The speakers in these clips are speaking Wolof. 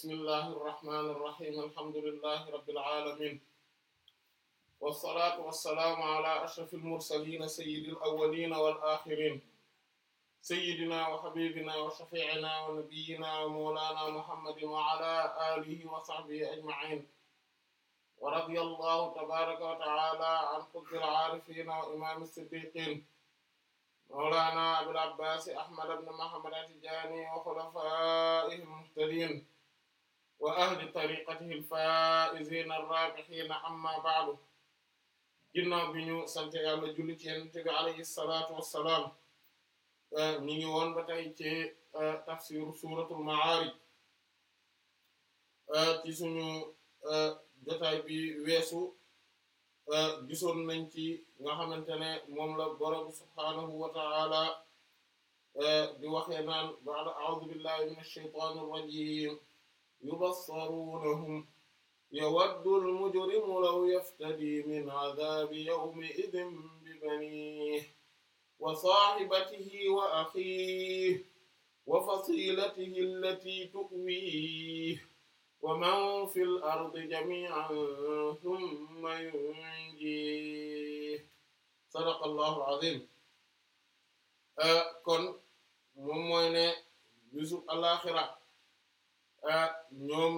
bismillahi irrahmani irrahim alhamdulillahi rabbil alamin wassalatu wassalaamu ala ashraf almursalina sayidi alawalina wal axirin sayidina wa xabibina wa shafiina wa nabiyina wa mawlana muhammadin wa ala alihi wa sahbihi ajmain wa radiya allahu tabaraka wa taala an qutbil aarifina wa imam siddiqin mawlana abil abbasi ahmad ibn muhammad at-tijani wa xulafaihi almuhtadin wa ahli tariqatihi al-faa'iziina ar-raabihiina amma ba'du ginnaaw bi ñu sant yàlla julli ci yonent bi alayhi salaatu wassalaam euh, ñu ngi woon ba tey ci euh, tafsir suuratul Ma'aarij euh, ci suñu jotaay bi weesu gisoon nañ ci nga xamante ne moom la borom subhaanahu wa ta'aala di waxee naan ba'da a'uudu billahi minash shaytaanir rajiim يبصرونهم يود المجرم لو يفتدي من عذاب يومئذ ببنيه وصاحبته وأخيه وفصيلته التي تؤويه ومن في الأرض جميعا ثم ينجيه صدق الله العظيم kon moom mooy ne bisu àllaaxira Ah, ñoom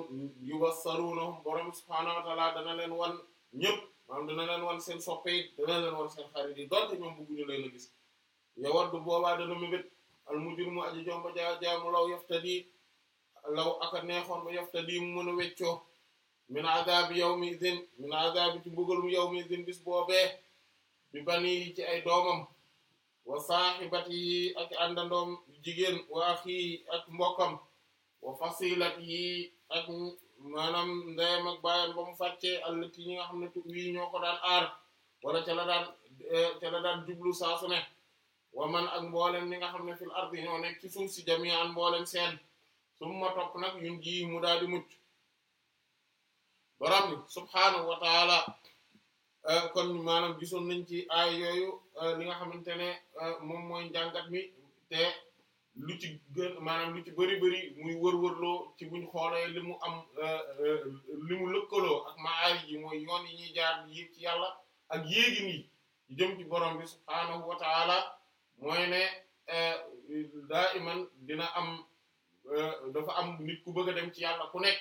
yubasaruuna borom subhaanahu wa ta'aala dana leen wan ñëpp maanaam dana leen wan seen soppe yi dana leen wan seen xarit yi donte ñoom bëgguñu leen a gis yawaddu boobaa dana mébét al mujrimu aji jomba jaa jaamu law yaftadi law aka neexoon ba yaftadi mu mën a weccoo min adaabi yawmi idin min adaabi ci mbugalum yawmi idin bis boobee bi banii ci ay doomam wa saaxibati ak àndandoom jigéen wa axi ak mbokam o wa yi ak maanaam ndeyam ak baayam ba mu fàccee allati ñi nga xam ne wii ñoo ko daan aar wala ca la daan eh, ca la daan jublu saa ne wa man ak mboolem ñi nga xam ne fil ardi ñoo nekk ci suuf si jami'an mboolem seen summa topp nag yuñ ji mu daal di mucc borom bi subhaanahu eh, kon maanaam gisoon nañ ci aay yooyu eh, li nga xamante ne moom mooy njàngat mi te lu ci maanaam lu ci bëri bëri muy wër-wërloo ci buñ xoolee li mu am euh, euh, li mu lëkkaloo ak maari yi mooy yoon yi ñuy jaar yi ci yàlla ak yéegi nii jëm ci borom bi subhaanahu mooy ne euh, daa iman dina am dafa am nit ku bëgg a dem ci yàlla ku nekk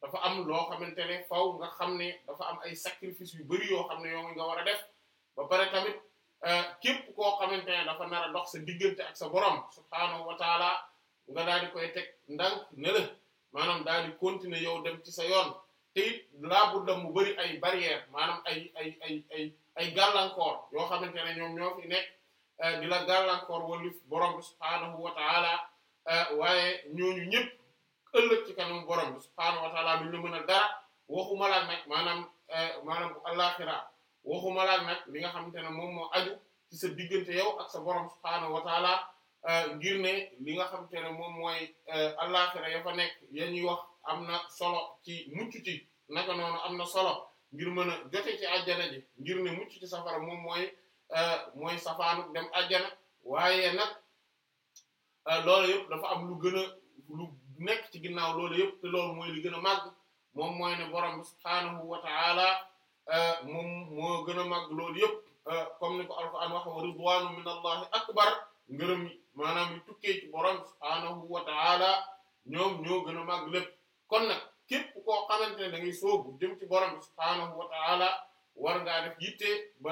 dafa am loo xamante ne faw nga xam ne dafa am ay sacrifice yu bëri yoo xam ne yoo nga war a def ba pare tamit Euh, képp koo xamante ne dafa nar a dox sa diggante ak sa borom subhaanahu wa taala nga daal di koy teg ndànk ne la maanaam daal di continuer yow dem ci sa yoon te laa bu dem mu bari ay barrière maanaam ay ay ay ay ay gàllankoor yoo xamante ne ñoom ñoo nekk euh, di la gàllankoor wala borom bi subhaanahu wa taala euh, waaye ñooñu ñëpp ëllëg ci kanam borom bi subhaanahu wa taala duñu la mën a dara waxuma la nag maanaam maanaam bu àllaaxira waxuma laak nag li nga xamante ne moom moo aju ci sa diggante yow ak sa borom subhaanahu wa taala euh, ngir li nga xamante ne moom mooy euh, àllaaxira ya fa nekk ya ñuy wax am na solo ci mucc ci naka noonu am na solo ngir mën a jote ci àjjana ji ngir ne mucc ci safara moom mooy euh, mooy safaanu dem àjjana waaye nag loolu yëpp dafa am lu gën a lu nekk ci ginnaaw loolu yëpp te loolu mooy li gën a màgg moom mooy ne borom subhaanahu wa Euh, moom moo gën a mag loolu yëpp euh, comme ni ko alquran wax wa ridwanu min allahi akbar ngërëm maanaam yi tukkee borom subhaanahu wa ta'ala ñoom ñoo gën a mag lépp kon nag képp koo xamante ne da ngay soobu jëm ci borom subhaanahu wa ta'ala war ngaa def yitte ba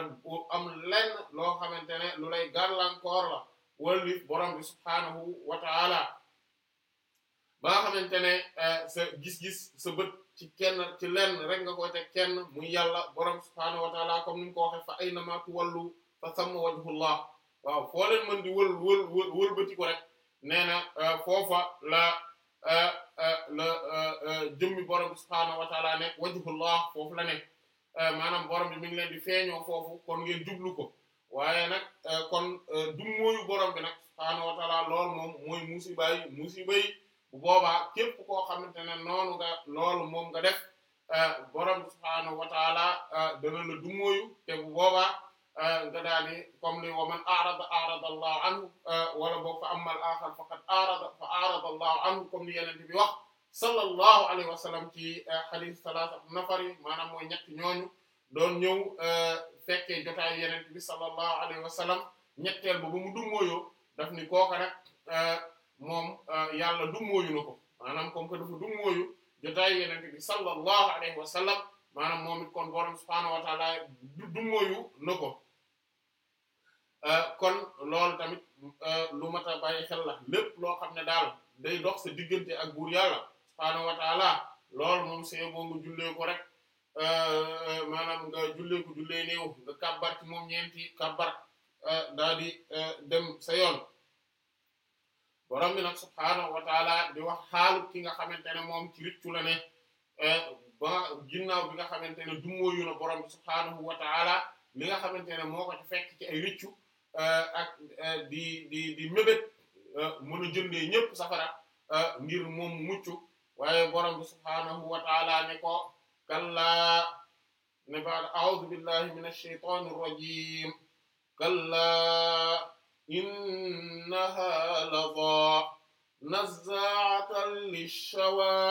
am lenn loo xamante ne lu lay gàllankoor la wala borom bi subhaanahu wa ta'ala ba nga xamante ne euh, sa gis-gis sa bët ci kenn ci lenn rek nga koy teg kenn muy yàlla borom subhaanahu wa taala comme ni mu ko waxee fa aynama tuwallu fa samma wajhullah waaw foo leen mën di wël wël wëlbati ko rek nee na euh, foofa la euh, euh, la jëmmi borom subhaanahu wa taala nekk wajhullah foofu la nekk maanaam borom bi mi ngi leen di feeñoo foofu kon ngeen jublu ko waaye nag kon du mooyu borom bi nag subhaanahu wa taala lool moom mooy musibaay musibay bu boobaa képp koo xamante ne noonu nga loolu moom nga def euh, borom subhaanahu wa taala euh, dana la dumóoyu te bu boobaa euh, nga daal di comme ni wa man arada arada allah anhu wala comme ni yeneen bi wax sallallahu wa sallam ci hadith salaasa nafar yi maanaam mooy ñetti ñooñu doon ñëw fekkee jotaayu yeneen bi sallallahu alayhi wa sallam ñetteel ba ba mu dummóoyoo daf ni kooka rek moom euh, yàlla du mooyu na ko maanaam comme que dafa du mooyu jotaay yenente bi sallallahu alayhi wa sallam maanaam moom it kon borom subhaanahu wa du mooyu na ko euh, kon loolu tamit euh, lu mat a bàyyi xel la lépp loo xam ne daal day dox sa diggante ak buur yàlla subhaanahu wa taala loolu moom see boo nga rek maanaam nga jullee ko jullee néew nga kàbbar ci moom ñeenti kàbbar daa di dem sa yoon borom bi nag subhaanahu wa taala di wax ki nga xamante ne moom ci rëccu la ne eh, ba ginnaaw bi nga xamante ne dummóoyu na borom bi subhaanahu wa taala li nga xamante ne moo ko fekk ci ay rëccu eh, ak eh, di di di mébét mën a safara ngir moom mucc waaye borom bi subhaanahu wa taala ne ko kallaa ne baad a'udhu billahi minash shaytaanir rajiim kallaa innaha ladaa nazaa'atan lishawaa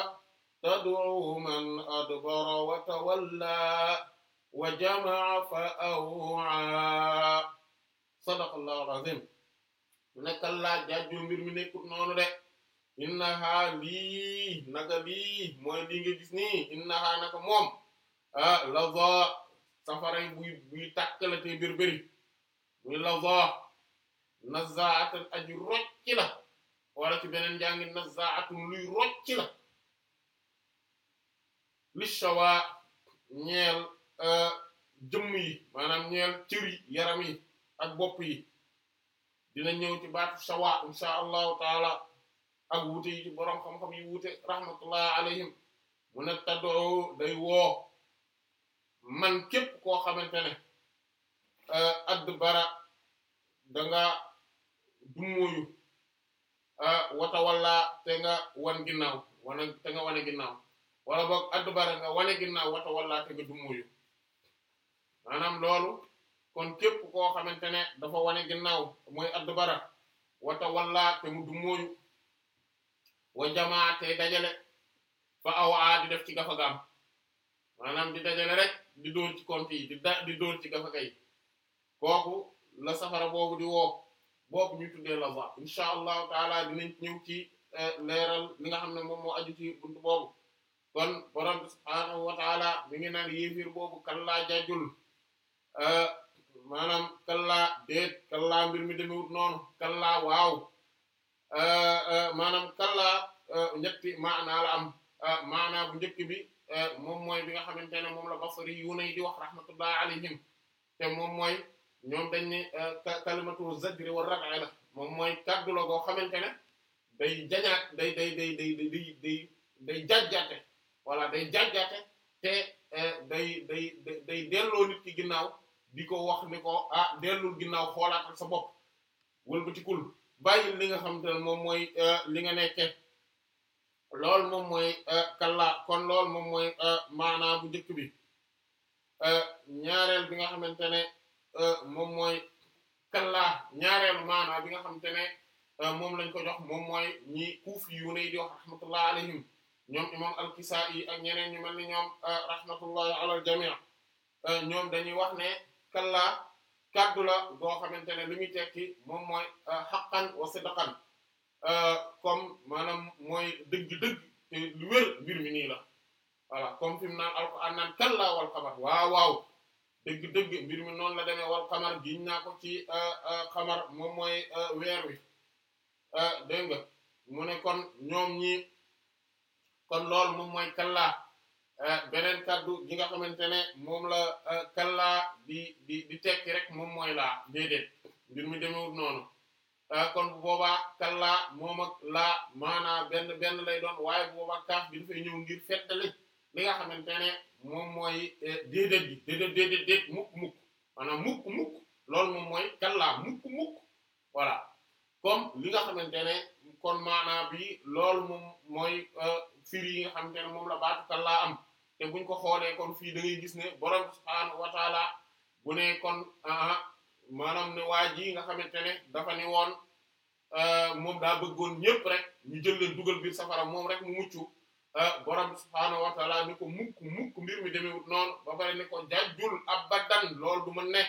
tad'u man adbara wa tawallaa wa jama'a fa aw'aa sadaqallahu al-azim nekkal laa jajjo mbir mi nekkut noonu de innaha lii naka lii mooy lii nga gis nii innaha naka moom ah ladaa safaray buy buy tàkkale te birbiri muy ladaa nazaatan aju rocci la wala ci beneen njàngi nazaatun luy rocci la shawa ñeel euh, jëmm yi maanaam ñeel cër yi yaram yi ak bopp yi dina ñëw ci baatu shawa insha allahu taala ak wuute yi ci boroom xam-xam yi wuute rahmatullah alayhim mu ne taddoo day woo man képp koo xamante ne euh, add bara danga dummóoyu ah, watawalla te nga wan ginnaaw wane ginnaaw wala boog addubara nga wane ginnaaw watawalla te nga dummóoyu maanaam loolu kon képp koo xamante ne dafa wane ginnaaw mooy addubara watawalla te mu dummóoyu wa jamaa te dajale fa awaa di def ci gafagaam maanaam di dajale rek di dóor ci compte yi di da di dóor ci gafaka yi kooku la safara boobu di woo boobu ñu tuddee la voie incha allahu taala dinañ ñëw ci eh, leeral li nga xam ne moom moo aju ci buntu boobu kon borom subhaanahu wa taala mi ngi naan yéefir boobu kallaa jajul eh, maanaam kallaa déet kallaa mbir mi demewut noonu kallaa waaw eh, maanaam kallaa ñetti maanaa la am maanaa bu njëkk bi moom mooy bi nga xamante ne moom la basri yu nay di wax rahmatullah alayhim te moom mooy ñoom dañ ne euh, kalimatu zajri wa rad'a la moom mooy kàddu la goo xamante ne day jañaat day day day day day day day day jajjaate te euh, day day day delloo nit ki ginnaaw di ko wax ni ko ah dellul ginnaaw xoolaatal sa bopp wëlbatikul bàyyil li nga xamante ne moom mooy euh, li nga nekke moom mooy kalla kon lool moom mooy maanaa bu njëkk bi ñaareel bi nga xamante ne Euh, moom mooy kallaa ñaareelu maana bi nga xamante ne euh, moom lañ ko jox moom mooy ñi kuufi yu ne di wax rahmatullah alayhim ñoom imam al-Kisaa'i ak ñeneen ñu mel ni ñoom euh, rahmatullahi ala al-jamii ñoom dañuy wax ne kallaa kaddu la goo xamante ne li muy moom mooy xaqan wa sidqan comme maanaam mooy dëgg-dëgg te mbir mi nii la voilà comme fi mu naan naan kallaa wal xabar waaw dëgg dëgg mbir mi noonu la demee wal xamar giñ naa ko ci euh, euh, xamar moom mooy euh, weer wi dégg nga mu ne kon ñoom ñi kon loolu moom mooy kallaa beneen kaddu gi nga xamante ne moom la kallaa di di di tekki rek moom mooy laa déedéet mbir mi demewul noonu kon bu boobaa kallaa moom ak laa maanaa benn benn lay doon waaye bu boobaa kaaf bi dafay ñëw ngir fettali li nga xamante ne moom mooy eh, déedéet gi déedéet déedéet déet mukk mukk maanaam mukk moom mooy kallaa mukk mukk comme li nga xamante ne kon maanaa bi loolu moom mooy euh, firi yi nga xamante ne moom la baatu kallaa am te buñ ko xoolee kon fii da gis ne borom subhaanahu wa bu ne kon ah, maanaam ne waa nga xamante ne dafa ni woon euh, moom daa bëggoon ñépp rek ñu jël leen dugal biir safara moom rek mu muccu Ah, borom subhaanahu wa taala ni ko mukk mukk mbir mi demewut noonu ba pare ni ko jajjul abadan loolu du mën ne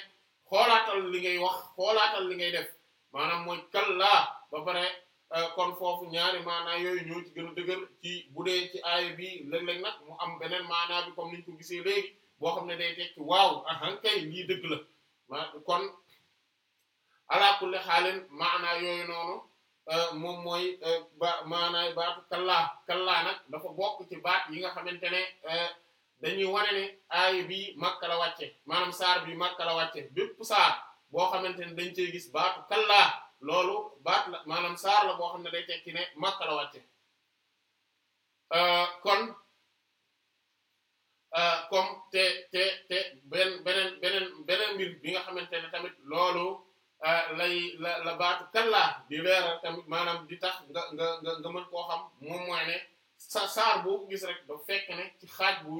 xoolaatal li ngay wax xoolaatal li ngay def maanaam mooy laa ba pare ah, kon foofu ñaari maanaa yooyu ñoo ci gën a dëgër ci bu dee ci aaya bi léeg-léeg na mu am beneen maanaa bi comme niñ ko gisee léegi boo xam ne day tekki waaw ahankay lii dëgg la ma kon ala kulli xaalin maanaa yooyu noonu Euh, moom mooy euh, ba maanaay baatu kallaa kallaa nag dafa bokk ci baat yi nga xamante ne euh, dañuy wane ne aaya bii Makka la wàcce maanaam saar bi Makka la wàcce bépp saar boo xamante ne dañ cee gis baatu kallaa loolu baat la maanaam saar la boo xam ne day tekki ne Makka la wàcce kon comme te te te benn beneen beneen beneen bi nga xamante ne tamit loolu Ah, lay la la baatu kallaa di leeral tamit maanaam di tax nga nga nga nga mën koo xam moom mooy ne sa saar boo gis rek dafa fekk ne ci xaaj bu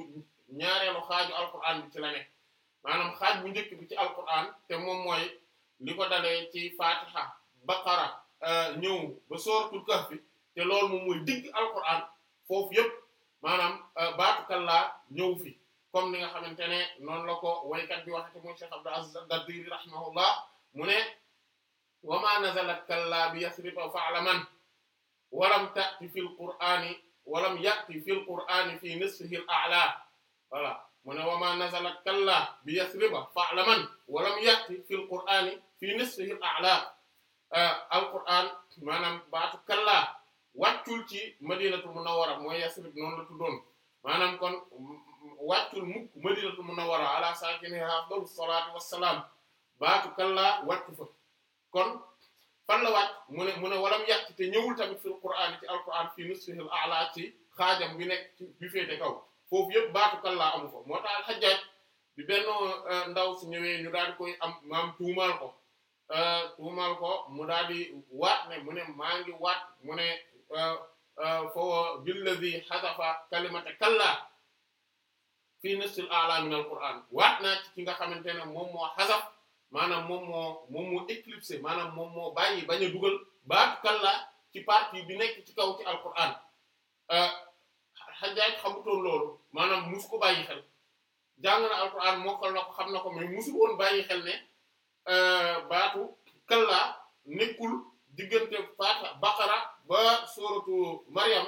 ñaareelu xaaju alquran bi ci la ne maanaam xaaj bu njëkk bi ci alquran te moom mooy li ko dalee ci fatiha baqara eh, ñëw ba loolu moom mooy digg alquran foofu yëpp maanaam eh, baatu kallaa ñëw fi comme ni nga xamante ne noonu la ko waykat bi waxete mooy Cheikh Abdou Aziz ad-Dabiri rahimahullah mu ne wa ma nazalat kalla bi yasriba fa'laman walam ta'ti fil qur'ani walam ya'ti fil qur'ani fi nisfihi al-a'la voilà mu ne wa ma nazalat kalla bi yasriba fa'laman walam ya'ti fil qur'ani fi nisfihi al-a'la euh, al-qur'an maanaam baatu kalla wàccul ci madinatul munawwara mooy yasrib noonu la tuddoon maanaam kon wàccul mukk madinatul munawwara ala saakinihaa afdalu salaatu wassalaam baatu kallaa wàcc fa kon fan la wàcc mu ne mu ne walam yàcc te ñëwul tamit fil qur'aan ci alqur'aan fii nisfihil a'laa ci xaajam bi nekk bi féete kaw foofu yëpp baatu kallaa amu fa moo tax al-Hajjaj benn euh, ndaw su ñëwee ñu daal di koy am maam tuumaal euh, mu daal di waat ne mu ne waat mu ne euh, fa billadhi hadafa kalimata kallaa fii nisfil a'laa min al-qur'aan waat naa ci ki nga xamante ne moom moo xasaf maanaam moom moo moom moo éclipsé maanaam moom moo bàyyi bañ a dugal baatu kalla ci partie bi nekk ci kaw ci alquran euh, Hajjaaj xamutoon loolu maanaam musu ko bàyyi xel jàng na alquran moo ko la ko xam na ko mais musu woon bàyyi xel ne euh, baatu kalla nekkul diggante faata baqara ba suratu Maryam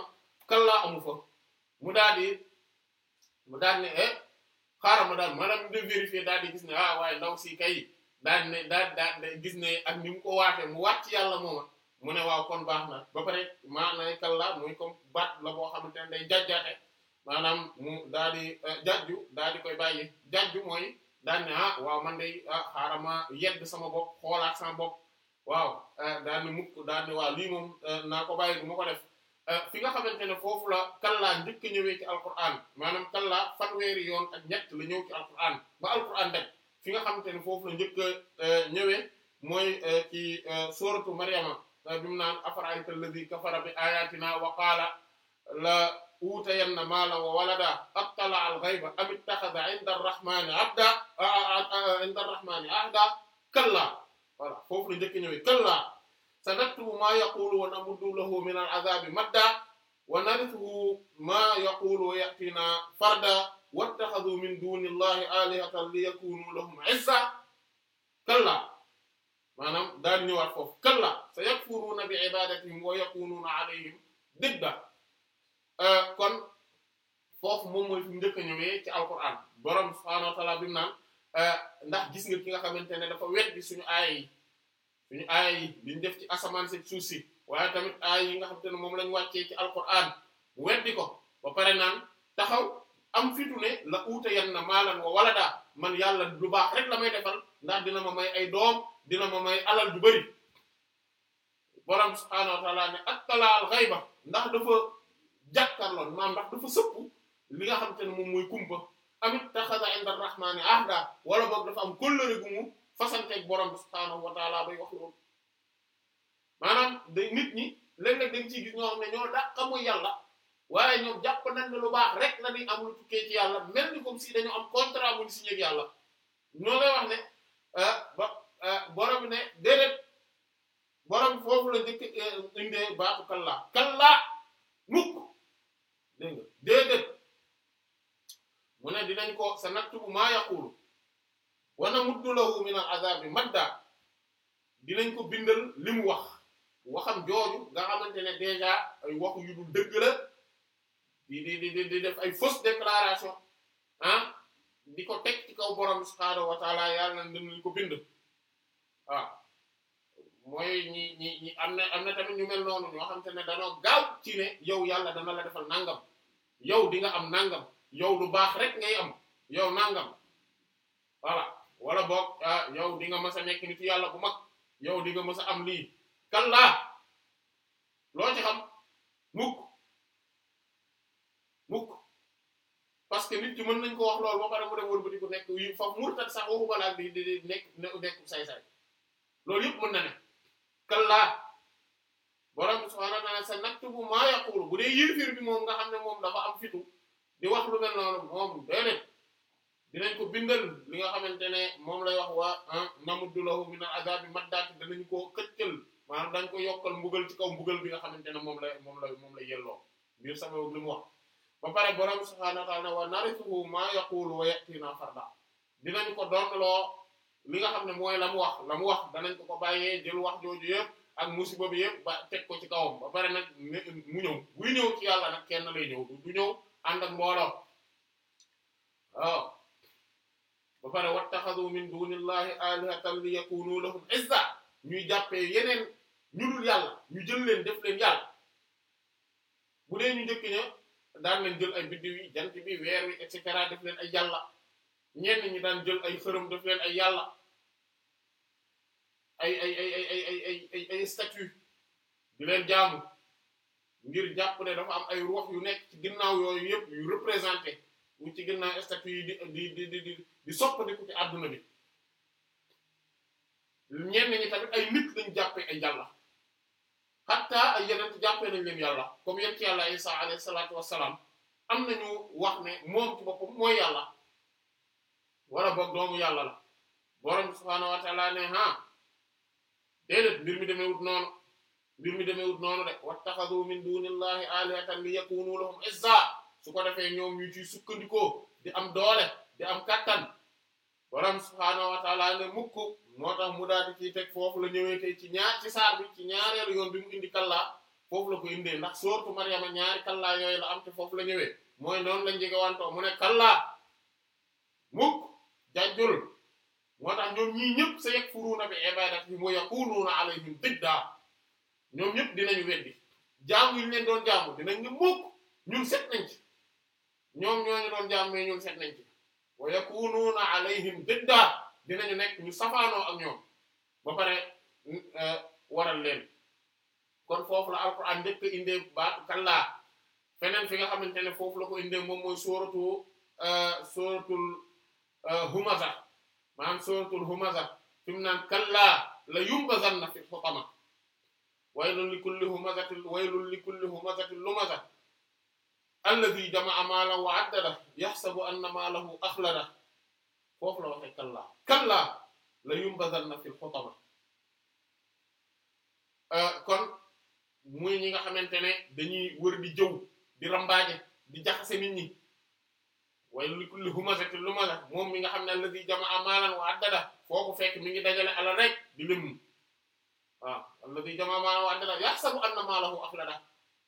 kalla amu fa mu daal di mu daal ne eh xaaral ma daal maanaam de vérifier daal di gis ne ah waaye ndaw si kay. daal ne daal daal gis ne ak ni mu ko waatee mu waat ci yàlla mooma mu ne waaw kon baax na ba pare maa maanaam kàllaa muy comme baat la boo xam ne day jajjate maanaam mu daal di eh, jajju daal di koy bàyyi jajju mooy daal ne ah waaw man de ah, yedd sama bopp xoolaat sama bopp waaw eh, daal di mukk daal di waaw lii moom eh, naa ko bàyyi du ma ko def fi nga xamante ne foofu la kàllaa njëkk a ñëwee ci alquran maanaam kàllaa fanweeri yoon ak ñett la ñëw ci alquran ba alquran rek. fi nga xamante ne foofu la njëkk a euh, ñëwee mooy euh, ci euh, sooratu Maryama bi mu naan afara'ayta alladhi kafara bi ayatina wa qaala la uutayanna maalan wa walada attala'a al-ghayba am ittakhadha 'inda ar-rahmani 'abda 'inda ar-rahmani 'ahda kalla voilà foofu la njëkk a ñëwee kalla sanaktubu ma yaqulu wa namuddu lahu min al-'adhabi madda wa narithuhu ma yaqulu wa ya'tina farda wattaxadu min duni illahi alihatan li yakunu lahum izza kalla maanaam daal ñëwaat foofu kalla sa yakfuruuna bi ibadatihim wa yakunuuna alayhim didda kon foofu moom mooy fi mu njëkk a ñëwee ci alquran borom subhaanahu wa ta'aala bi mu naan ndax gis nga ki nga xamante ne dafa weddi suñu aaya yi suñu aaya yi liñ def ci asamaan si suuf si waaye tamit aaya yi nga xamante ne moom lañ wàccee ci alquran weddi ko ba pare naan taxaw am fitu ne la uutayan na maalan wa walada man yàlla lu baax rek la may defal ndax dina ma may ay doom dina ma may alal du bëri borom subhaanahu wa taala ne attalaal xayba ndax dafa jàkkarloon maam ndax dafa sëpp li nga xam te ne moom mooy kumpa amit taxada inda rahmaani ahda wala boog dafa am kóllëre gu mu fasanteeg borom subhaanahu wa taala bay wax loolu maanaam day nit ñi léeg-léeg dañ ciy gis ñoo ne ñoo dàq mooy yàlla waaye ñoom jàpp nañ ne lu baax rek na ñuy amul tukkee ci yàlla mel ni comme si dañu am contrat bu ñu signé ak yàlla ñoo lay wax ne ah, ba ah, borom ne déedéet borom foofu la njëkk eh, indee baaxu kallaa kallaa mukk dégg nga déedéet mu ne dinañ ko sa naktubu maa yaqulu wa namuddu lahu min bi azabi madda dinañ ko bindal li wax waxam jooju nga xamante ne déjà ay waxu yu dul dëgg la di di di def ay fausse déclaration ah di ko teg ci kaw borom subhaanahu wa taala yàlla na dinañ ko bind waaw ah, mooy ñi ñi ñi am na am na tamit ñu mel noonu ñoo xam te ne danoo gaaw ci ne yow yàlla dana la defal nangam yow di nga am nangam yow lu baax rek ngay am yow nangam voilà wala boog ah yow di nga mës a nekk nitu yàlla bu mag yow di nga mës a am lii kan laa ci xam mukk mukk parce que nit ki mën nañ ko wax loolu ba pare mu dem wër bu di ko nekk yi fa murtat sax waxu balaa di di nekk nekk say-say loolu yëpp mën na ne kallaa borom subhaanahu wa ta'aala sanaktubu maa yaqulu bu dee yéefir bi moom nga xam ne moom dafa am fitu di wax lu mel noonu moom déedéet dinañ ko bindal li nga xamante ne moom lay wax waa namuddu lahu min al-azaabi maddaat danañ koo këccal maanaam dañ ko yokkal mbugal ci kaw mbugal bi nga xamante ne moom lay moom la moom lay yelloo biir sama li mu wax ba pare borom subhaanahu wa ta'aala wa narisuhu maa yaqulu wa ya'tiinaa farda dinañ ko dootloo li nga xam ne mooy la mu wax la mu wax danañ ko ko bàyyee jël wax jooju yépp ak musiba bi yëpp ba teg ko ci kawam ba pare nag mu ñëw buy ñëw ci yàlla nag kenn lay ñëw du ñëw ànd ak mbooloo waaw ba pare wattaxadu min dunillahi alihatan li yakunu lahum izza ñuy jàppee yeneen ñu dul yàlla ñu jël leen def leen yàlla bu dee ñu njëkk ña daan nañ jël ay biddiw yi jant bi weer wi et cetera def leen ay yàlla ñenn ñi daan jël ay xërëm def leen ay yàlla ay ay ay ay ay ay di leen jaamu ngir jàpp ne dafa am ay ruux yu nekk ci ginnaaw yooyu yëpp yu représenté wu ci ginnaaw statue yi di di di di di soppandiku ci àdduna bi ñenn ñi tamit ay nit lañ jàppee ay yàlla. hatta ay yeneen jàppee nañ leen yàlla comme yéen yàlla Isa alayhi salaatu wassalaam am nañu wax ne moom ci boppam mooy yàlla wala boog doomu yàlla la borom subhaanahu wa ta'ala ne ah déedéet mbir mi demee wut noonu mbir mi demee wut noonu de wattakhadhu min dunillahi alihatan li yakunu lahum izza su ko defee ñoom ñu ciy sukkandikoo di am doole di am kattan. borom subhaanahu wa taala ne mukk moo mu daal di teg foofu la ñëwee tey ci ñaar ci saar bi ci ñaareelu yoon bi mu indi kallaa foofu la ko indee ndax soortu Maryama ñaari kallaa yooyu la am te foofu la ñëwee mooy noonu lañ jege wantoo mu ne kallaa mukk jajjul moo tax ñoom ñii ñëpp sa yakfuruuna bi ibaadatihi wa yaquuluuna alayhim didda ñoom ñëpp dinañu weddi jaamu yi ñu doon jaamu dinañ mukk ñun set nañ ci ñoom ñooñu doon jaam mais ñun set wa yakunuuna alayhim didda dinañu nekk ñu safaanoo ak ñoom ba pare e, waral leen kon foofu la alquran njëkk indee baatu kallaa fi nga xamante ne foofu la ko indee moom mooy sóoratu e, sóoratul e, humaza maanaam sóoratul humaza fi mu naan kallaa la yumbazanna fi xutama waylun li kulli humazatin waylun li kulli humazatin lumaza alladi jama'a maalan wa addada yaxsabu anna maalahu axlada foofu la waxee kallaa kallaa la yumbadanna fil xutama euh, kon muy ñi nga xamante ne dañuy wër di jëw di rambaaje di jaxase nit ñi waaye li kulli humazatin lumaza moom mi nga xam ne alladi wa addada foo fekk mi ngi dajale alal rek di lim waaw alladi jama'a wa addada yaxsabu anna maalahu axlada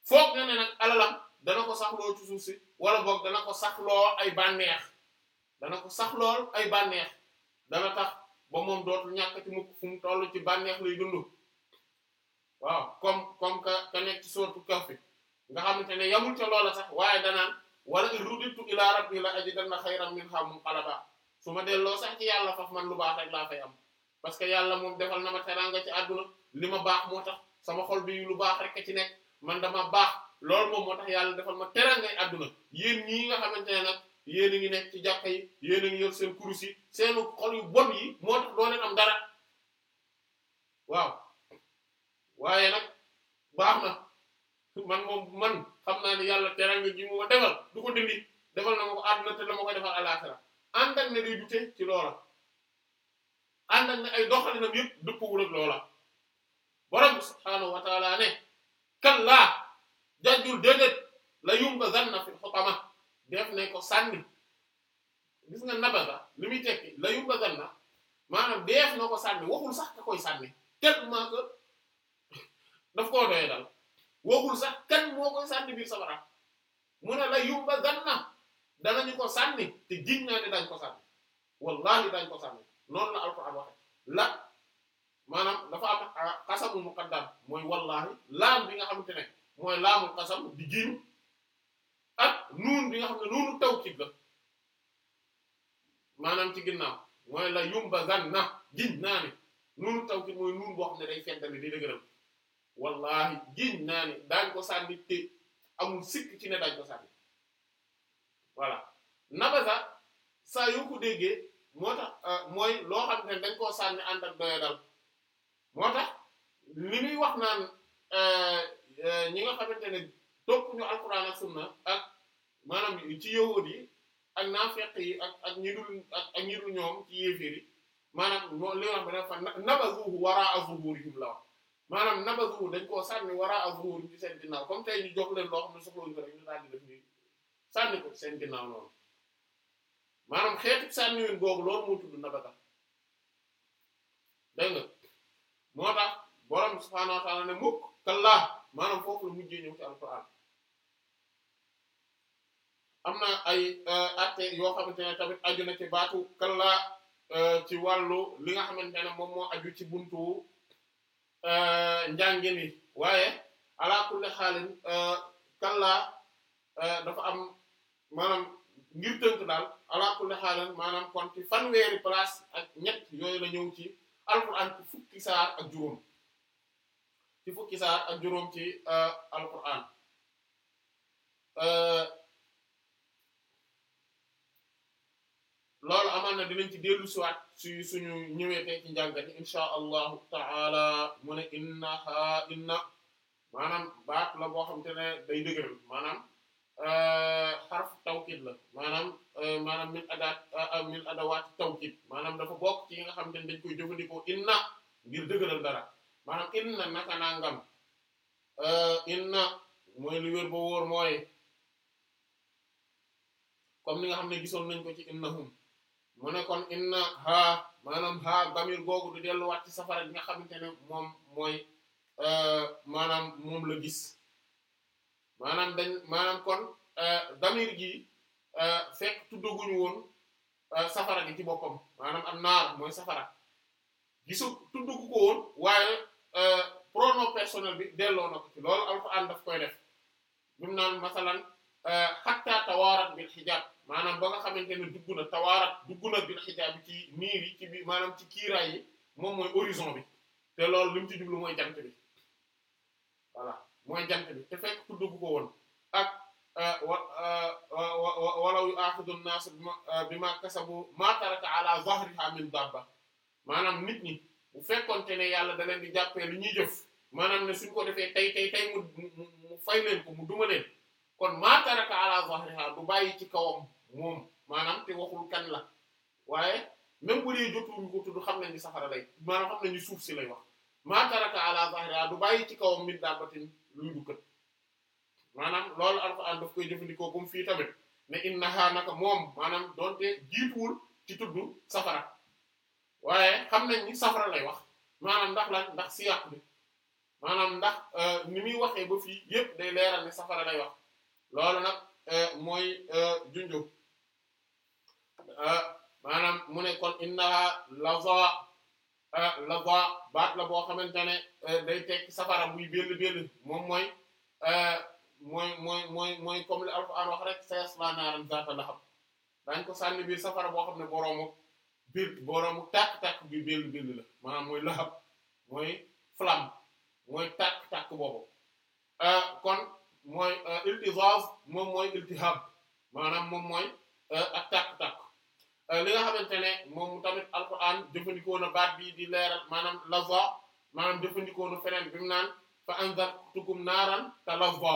foog nga ne nag alalam dana ko saxloo ci suuf si wala boog dana ko saxloo ay bànneex dana ko saxlool ay bànneex dana tax ba moom dootul ñàkk ci mukk fu mu toll ci bànneex lay dund waaw comme comme que ka nekk ci soortu Kahfi nga xamante ne yamul ca loola sax waaye danaan wala ruditu ila rabbi la ajidanna xayran minha munqalaba su ma delloo sax ci yàlla faf man lu baax rek laa fay am parce que yàlla moom defal na ma teraanga ci àdduna li ma baax moo tax sama xol bi lu baax rek a ci nekk man dama baax. loolu moom moo tax yàlla defal ma terangay àdduna yéen ñii nga xamante ne nag yéen a ngi nekk ci jàkka yi yéen a seen kurus yi seen xol yu bon yi am dara waaw waaye nag baax na man moom man xam naa ni yàlla teranga ji mu ma defal du ko dindi defal na ma ko àdduna te dama koy defal àllaaxira ànd ak ne day dute ci loola ànd ak ne ay doxalinam yëpp dëppwul ak loola borom subhaanahu ne kallaa jajjul déedéet la yum ko zanna fi xotama def nañ ko sànni gis nga nabada li muy tekki la yum ko zanna maanaam def na ko sànni waxul sax ka koy sànni tellement que daf koo doye dal waxul sax kan moo koy sànni biir safara mu ne la yum ba zanna danañu ko sànni te giñ ne dañ ko sànni wallahi dañ ko sànni noonu la alquran waxe la maanaam dafa am xasamu muqaddam mooy wallahi laam bi nga xamante ne mooy laamul xasam di giñ ak nuun bi nga xam ne nuunu tawkid la maanaam ci ginnaaw mooy la yumba zan na giñ naa ne taw tawkid mooy nuun boo xam ne day fentali di dëgëral wallahi giñ naa daañ ko sànni te amul sikk ci ne daañ ko sànni voilà nabaza saa yoo déggee moo tax euh, mooy loo xam ne dañ koo sànni ànd ak doyadal moo tax li muy wax naan euh, Eh, ñi nga xamante ne topp ñu alquran ak sunna ak maanaam ci yahuud yi ak naafeq yi ak ak ñi dul ak ak ñi dul ñoom ci yéeféer yi maanaam moo li wax beneen fa nabazuhu waraa zuhurihim dañ koo sànni waraa zuhurihim ci seen ginnaaw comme tey ñu jox leen loo xam ne soxla wuñu ko rek ñu daal di def nii sànni ko seen ginnaaw maanaam xeetu sànni win loolu moo tudd nabata dégg nga moo tax borom subhaanahu wa ne mukk kallaa maanaam foofu la mujjee ñëw ci alquran am na ay euh, atte yoo xamante ne tamit aju na ci baatu kalla euh, ci wàllu li nga xamante ne moom moo aju ci buntu euh, njàngin yi waaye ala kulli xaalin kalla dafa am maanaam ngir tënk daal ala kulli xaalin maanaam kon ci fanweeri place ak ñett yooyu la ñëw ci alquran ci fukki saar ak juróom ci fukki saar ak juróom ci euh, alquran euh, loolu amaan na dinañ ci dellu siwaat suñu ñëwee tey ci njàngati insha allahu taala mu inna ha inna maanaam baat la boo xam te ne day dëgëral maanaam euh, xarf tawkid la maanaam maanaam min adaat min adawaat tawkid maanaam dafa bokk ci yi nga xam te ne dañ koy jëfandikoo inna ngir dëgëral dara maanaam inna naka nangam euh, inna mooy lu wér ba wóor mooy comme ni nga xam ne gisoon nañ ko ci innahum mu ne kon inna haa maanaam haa damir googu du delluwaat ci safara bi nga xam xamante ne moom mooy euh, maanaam moom la gis maanaam dañ maanaam kon euh, damir gi fekk tuddaguñu woon safara gi ci boppam maanaam am naar mooy safara gisu tuddagu ko woon waaye Euh, pronom personnel bi delloo na ko ci loolu alquran daf koy def bi mu naan masalan xatta euh, tawaarat bil xijaab maanaam ba nga xamante ne dugg na tawaarat dugg na bil xijaab bi ci niir ci bi maanaam ci kiiraay yi moom mooy horizon bi te loolu li mu ci jublu mooy jant bi mooy jant bi te fekk ku dugg ko woon ak euh, walaw yu aaxidu naasu bi ma kasabu ma taraka ala zahriha min dabba maanaam nit ñi bu fekkonte ne yàlla da leen di jàppee lu ñuy jëf maanaam ne suñ ko defee tey tey tey mu mu fay leen ko mu duma leen kon maa taraka ala zahriha du bàyyi ci kawam moom maanaam te waxul la waaye même bu dee jotuñu ko tudd xam nañ ni safara lay maanaam xam nañ suuf si lay wax maa taraka ala zahriha du bàyyi ci kawam min dabbatin luy du kët maanaam loolu alquran daf koy jëfandikoo comme fii tamit ne innaha naka moom maanaam doonte jiituwul ci tudd safara waaye xam nañ ni safara lay wax maanaam ndax lan ndax siyaq bi maanaam ndax euh, ni muy waxee ba fii yépp day leeral ne safara lay wax loolu nag euh, mooy euh, junju maanaam mu ne kon innaha laza la boo xamante ne day tekki safara buy béll béll moom mooy mooy mooy mooy mooy comme li alquran wax rek sayas la naaran zaata lahab dañ ko sànni biir safara boo xam ne boroomu biir boroomu tàkk-tàkk bi bellu bellu la maanaam mooy lahab mooy flamme mooy tàkk-tàkk boobu euh, kon mooy euh, iltizaaz moom mooy iltihab maanaam moom mooy euh, ak tàkk-tàkk li nga xamante ne moom tamit alquran jëfandikoo na baat bi di leeral maanaam la laza maanaam jëfandikoo na feneen bi mu naan fa anzartukum naaran talazza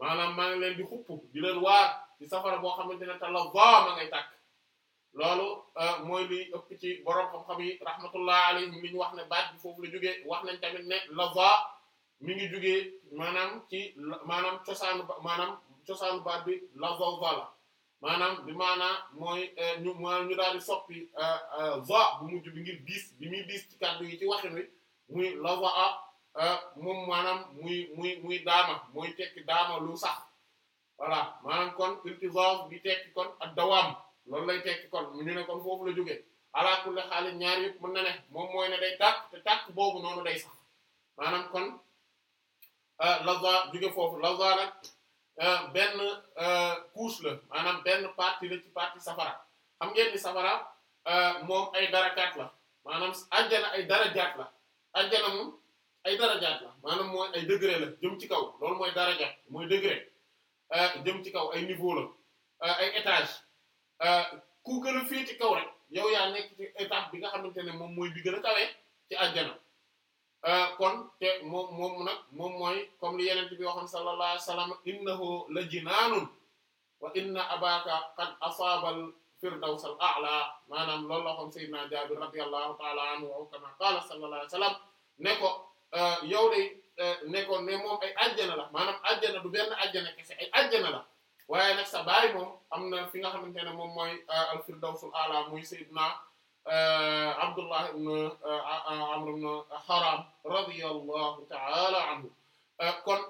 maanaam maa ngi leen di xupp di leen waar ci safara boo xamante ne talazza ma ngay tàkk loolu euh, mooy luy ëpp ci borom xam-xam yi rahmatullah alayhim li ñu wax ne baat bi foofu la jógee wax nañ tamit ne laza mi ngi juge maanaam ci maanaam cosaanu ba maanaam cosaanu baat bi lazava la maanaam bi maanaam mooy euh, ñu ñu daal di soppi za euh, bu mujj bi ngir diis bi muy diis ci kàddu yi ci waxin wi muy laza moom maanaam muy muy muy daama mooy tekki daama lu sax voilà maanaam kon iltizam bi tekki kon ak dawaam loolu lay tekki kon ñu ne kon foofu la jóge ala kulli xaalis ñaar yëpp mën na ne moom mooy ne day tàkk te tàkk boobu noonu day sax maanaam kon euh, laza jóge foofu laza nag euh, benn euh, couche la maanaam benn partie la ci partie safara xam ngeen ni safara moom ay dara darakaat la maanaam ajjana ay darajaat la ajjana moom ay darajaat la maanaam mooy ay degré la jëm ci kaw loolu mooy daraja mooy degré jëm ci kaw ay niveau la ay étage Euh, ku gën a féete kaw rek yow ya nekk ci étape bi nga xamante ne moom mooy bi gën a tawee ci àjjana euh, kon te moom moom nag moom mooy comme li yeneen bi waxoon sallallahu alayhi wa sallam innahu la jinaanun wa inna abaka qad asaabal firdaws al a'la maanaam loolu la Jaabir radiyallahu ta'ala anhu wa kama qala sallallahu wa sallam ne ko euh, yow de ne ko ne moom ay àjjana la maanaam àjjana du benn àjjana kese ay àjjana la waaye nag sa baay moom am na fi nga xamante ne moom mooy euh, al firdawsul ala muy sayyidna euh, Abdullah ibn euh, Amr ibn Haram radiyallahu ta'ala anhu kon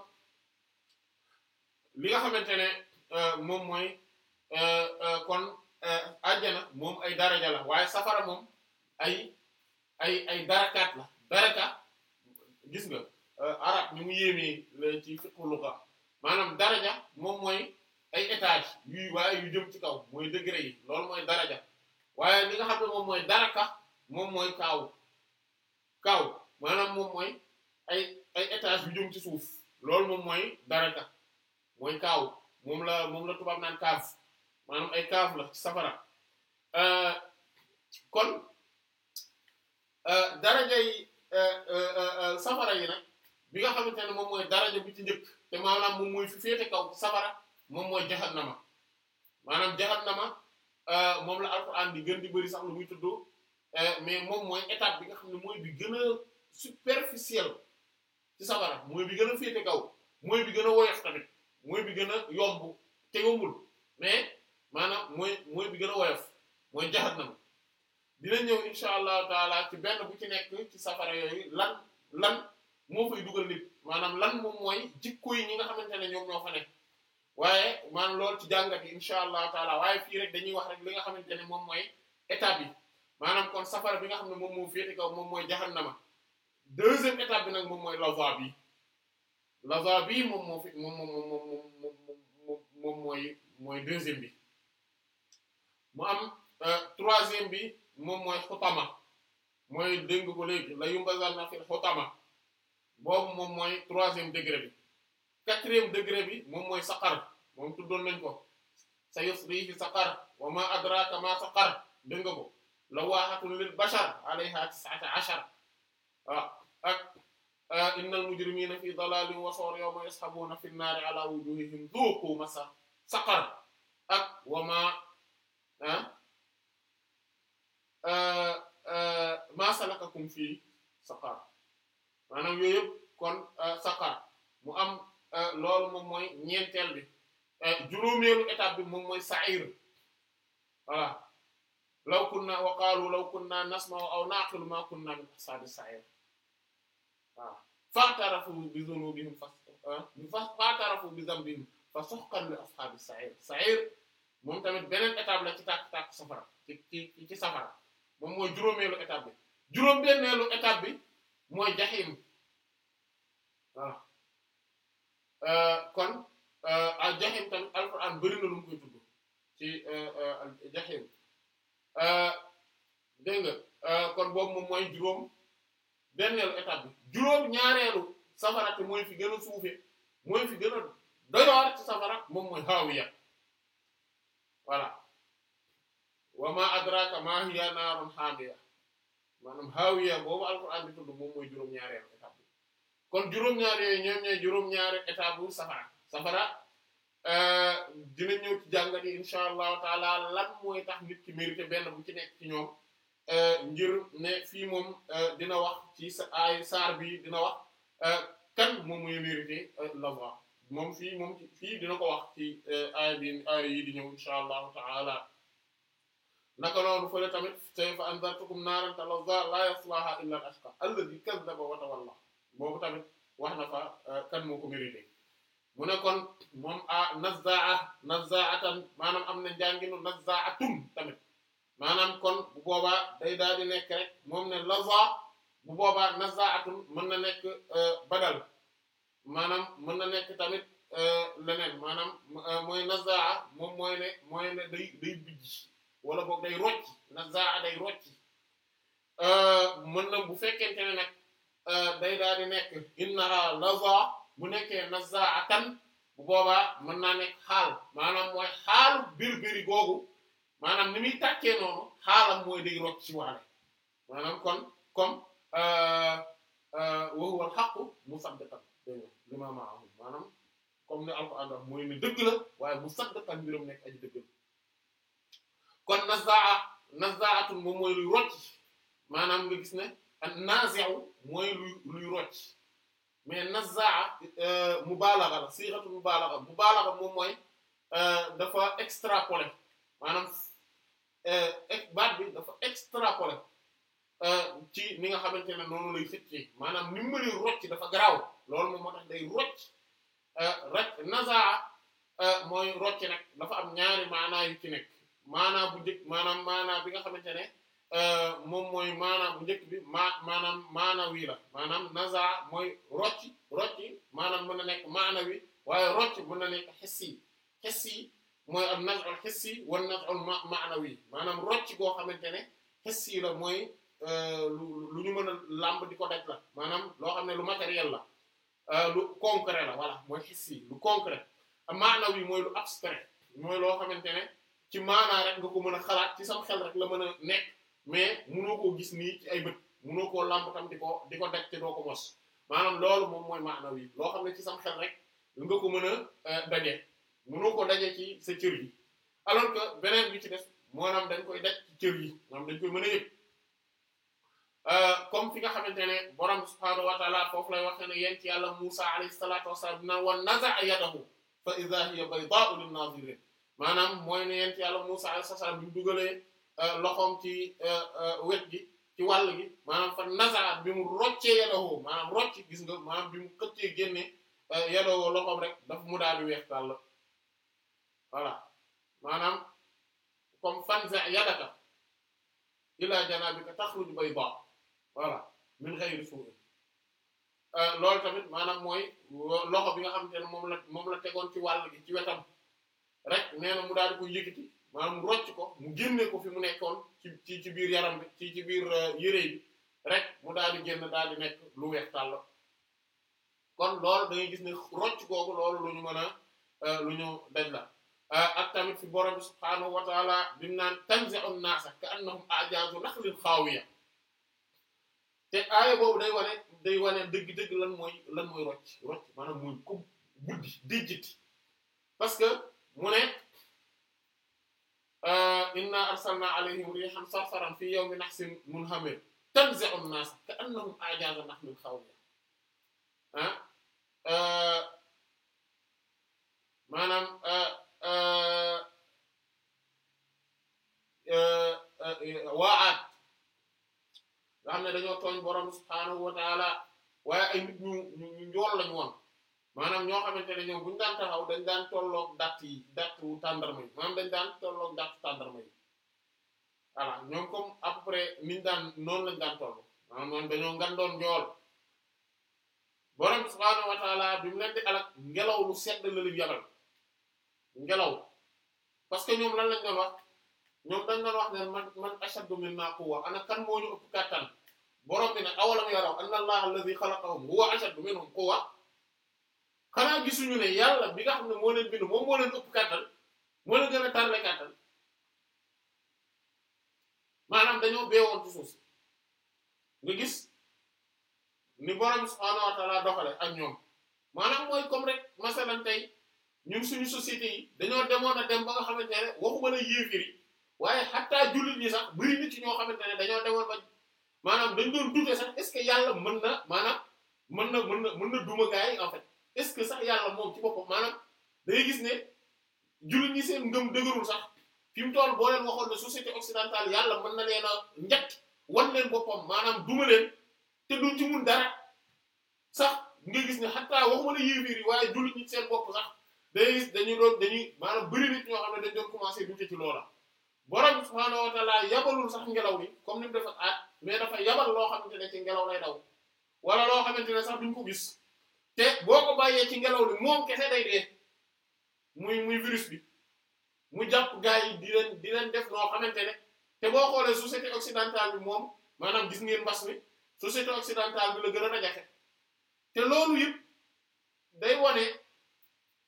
li nga xamante ne moom mooy kon àjjana moom ay daraja la waaye safara moom ay ay darakaat la daraka gis nga arab ni mu ci fiqhu lugha maanaam daraja moom mooy ay étage yuy waaye yu jëm ci kaw mooy degré yi loolu mooy daraja waaye li nga xam ne moom mooy daraka moom mooy kaaw kaaw maanaam moom mooy ay ay étage yu jëm loolu moom mooy daraka mooy kaaw moom la moom la tubaab naan kaaf maanaam ay kaaf la safara euh, kon euh, daraja yi euh, safara yi nag bi nga xamante ne moom mooy daraja bi ci njëkk te maanaam moom mooy fi féete kaw safara moom mooy na ma maanaam jahannama euh, moom la alquran di gën di bëri sax lu muy tudd euh, mais moom mooy étape bi nga xam ne mooy bi gën a superficiel ci safara mooy bi gën a féete kaw mooy bi gën a woyof tamit mooy bi gën a yomb te yombul mais maanaam mooy mooy bi gën a woyof mooy jahannama dina ñëw insha allahu taala ci benn bu ci nekk ci safara yooyu lan lan moo fay dugal nit maanaam lan moom mooy jikko yi ñi nga xamante ne ñoom ñoo fa nekk waaye maan loolu ci jàngat yi incha allah taala waaye fii rek dañuy wax rek li nga xamante ne moom mooy état bi maanaam kon safara bi nga xam ne moom moo féete kaw moom mooy jahannama deuxième étape bi nag moom mooy lava bi bi moom moo fi moom moom moom moom moom mooy mooy deuxième bi mu am euh, troisième bi moom mooy xutama mooy dégg bo léegi la yumbazal na fi xutama boobu moom mooy troisième degré bi quatrième degré bi moom mooy saqar moom tuddoon nañ ko sa yusri fi saqar wa ma adraka ma saqar dégg nga ko lawaahatun lil bashar alayha tis'ata ashar waaw ah, ak ah, innal mujrimina fi dalalin wa sawr yawma yashabuna fi an-nar ala wujuhihim dhuqu masa saqar ak wa ma ah, ma salakakum fi saqar maanaam yooyu yëpp kon saqar mu am loolu moom mooy ñeenteel bi Euh, juróomeelu étape bi moom mooy sa'ir voilà law kunna wa qaalu law kunna nasma'u aw na'qilu ma kunna min ashabi sa'ir waaw fa'tarafu bi dhunubihim euh, bi fa suhqan li ashabi sa'ir sa'ir moom tamit beneen étape la ci tàkk-tàkk safara ci ci safara moom mooy juróomeelu étape bi juróom-benneelu étape bi mooy jaxiim euh, kon Euh, ak jaxim tamit alquran bëri na mu koy tudd euh, euh, jaxim dégg nga kon boobu moom mooy juróom benneelu étape bi juróom ñaareelu safara te mooy fi gën a suufe mooy fi gën a doyoor ci safara moom mooy haawiya voilà wa ma adraka ma hiya naarun haamiya maanaam haawiya boobu alquran di tudd moom mooy juróom ñaareelu étape kon juróom ñaar yooyu ñooy juróom ñaari étape safara safara euh, dina ñëw ci jàngat yi incha allahu taala lan mooy tax nit ci mérité benn bu ci nekk ci ñoom euh, ngir ne fii moom euh, dina wax ci saar bi dina wax kan moom mooy mérité l'avoir moom fii moom fii dina ko wax ci ay bi ay yi di ñëw incha allahu taala naka noonu fële tamit fa anzartukum naaran talazza la yaslaha illa al ashqa alladhi kazzaba wa tawalla boobu tamit wax na fa kan moo ko mérité mu ne kon moom a nazzaa nazzaatan maanaam am na a nazzaatun tamit maanaam kon bu boobaa day daal di nekk rek moom ne laza bu boobaa nazzaatun mën na nekk euh, badal maanaam mën na nekk tamit euh, leneen maanaam euh, mooy nazzaa moom mooy ne mooy day day bijj wala boog day rocci nazzaa day rocci mën na bu fekkente ne day daal di nekk innaha laza bu nekkee nazaatan bu booba mën naa nekk xaal maanaam mooy xaalu birbiri googu maanaam ni muy tàkkee noonu xaalam mooy day rocc ci maanaam kon comme euh, euh, wa huwa al-haqqu musaddiqan limaa ma'ahum maanaam comme ne alquran wax mooy ne dëgg la waaye musaddiqan mbiram nekk aji dëgg la kon nazaa nazaatun moom mooy luy rocc maanaam nga gis ne an mooy luy luy mais mu nazaa euh, mubaalaga la siixatu mu mubaalaga moom mooy euh, dafa extrapoler maanaam euh, baat bi dafa extrapoler ci ni nga xamante ne noonu lay fekkee maanaam ni mu mënee rocc dafa garaaw loolu moom moo tax day rocc rek nazaa mooy rocc nag dafa am ñaari maanaa yu ci nekk maanaa bu njëkk maanaam maanaa bi nga xamante ne. Euh, moom mooy maanaam njëkk bi maa maana maanawi la maanaam naza mooy rocci rocci maanaam mën na nekk maanawi waaye rocci mën na nekk xessi xessi mooy am nazul xessi wan nazul maanawi maanaam rocci goo xamante ne xessi la mooy euh, lu lu ñu mën a làmb di ko daj la maanaam loo xam ne lu matériel la euh, lu concret la voilà mooy xessi lu concret maanawi mooy lu abstrait mooy loo xamante ne ci maanaa rek nga ko mën a xalaat ci sam xel rek la mën a nekk mais mënoo koo gis nii ci ay bët mënoo koo lamb tam di ko di ko daj te doo ko mos maanaam loolu moom mooy maanaam yi loo xam ne ci sam xel rek ko mën a euh, daje mënoo ko daje ci sa cër yi beneen bi ci def maanaam dañ koy daj ci cër yi maanaam dañ koy mën a yëg euh, comme fi nga xamante ne borom subhaanahu wa taala foofu lay waxee ne yéen ci yàlla Musa alayhi salaatu wassalaam dina wa naza'a yadahu fa idha hiya baydaa'u lin-naaziriin yàlla Musa alayhi salaam Euh, loxoom ci euh, euh, wet gi ci wàll gi maanaam fa nasaa bi mu roccee yadawoo maanaam rocc gis nga maanaam bi mu xëccee génne yadawoo loxoom rek daf mu daal di weex tàll voilà maanaam comme fanza yadaka ila janabika taxruj bayda voilà min ghayri su'in loolu tamit maanaam mooy loxo bi nga xam ne moom la la tegoon ci wàll gi ci wetam rek nee na mu daal di ko maanaam rocc ko mu génne ko fi mu nekkoon ci ci biir yaram bi ci ci biir euh, yére yi rek mu daal di génn daal di nekk lu weex tàll kon loolu da gis ne rocc googu loolu lu ñu mën a euh, lu ñu daj la euh, ak tamit fi borom bi subhaanahu wa taala bi mu naan tanzi'u an-naasa ka'annahum a'jaazu nakhlin khaawiya te aaya boobu day wane day wane dëgg-dëgg lan mooy lan mooy rocc rocc maanaam mooy ku buddi dijjiti parce mu ne inna arsalna alayhim rihan sarsaran fi yawmi nahsin munhamir tanzi'u an-nas ka'annahum a'jazu nakhilin khawiya ah maanaam waa'aat nga xam ne dañoo tooñ borom subhaanahu wa ta'ala waaye ay nit ñu ñu njool lañu woon maanaam ñoo xamante ne ñoom buñu daan taxaw dañ daan tolloog datt yi datt tàndarma yi maanaam dañ daan tolloog njàpp yi voilà ñoom comme à peu daan noonu lañ daan toll maanaam moom dañoo ngandoon njool borom subhaanahu wa taala ngelaw lu sedd la lim yabal ngelaw parce que ñoom lan lañ doon wax ñoom dañ doon wax ne man man ashaddu minna quwwa ana kan moo ñu ëpp kàttan borom bi nag awalam yaraw anna allaha alladhi khalaqahum huwa ashaddu minhum quwwa xanaa gisuñu ne yàlla bi nga xam ne moo leen bind moom moo leen ëpp kàttan wala gën a tarle maanaam dañoo beewoon ci suuf nga gis ni borom subhaanahu wa ta'aala doxale ak ñoom maanaam mooy comme rek masalan tey ñun suñu société yi dañoo demoon a dem ba nga xamante ne waxuma la waaye xattaa jullit ñi sax bari nit ci ñoo xamante ne dañoo demoon ba maanaam dañ doon douter sax est-ce que yàlla mën na maanaam na mën na mën na duma est que sax yàlla moom ci boppam maanaam day gis ne. jullit ñi seen ngëm dëgërul sax fi mu toll boo leen waxoon ne société occidentale yàlla mën na leen a njëkk wan leen boppam maanaam duma leen te duñ ci mun dara sax nga gis ne xataa waxuma la yéeféer yi waaye jullit ñi seen bopp sax day dañu doon dañuy maanaam bëri nit ñoo xam ne dañ doon commencé dute ci loola borom subhaanahu wa ta'ala yabalul sax ngelaw li comme ni mu def ak aat mais dafa yabal loo xamante ne ci ngelaw lay daw wala loo xamante ne sax duñ ko gis te boo ko bàyyee ci ngelaw li moom kese day dee muy muy virus bi mu jàpp gaa yi di leen di leen def loo xamante ne te boo xoolee société occidentale bi moom maanaam gis ngeen mbas mi société occidentale bi la gën a rajaxe te loolu yëpp day wane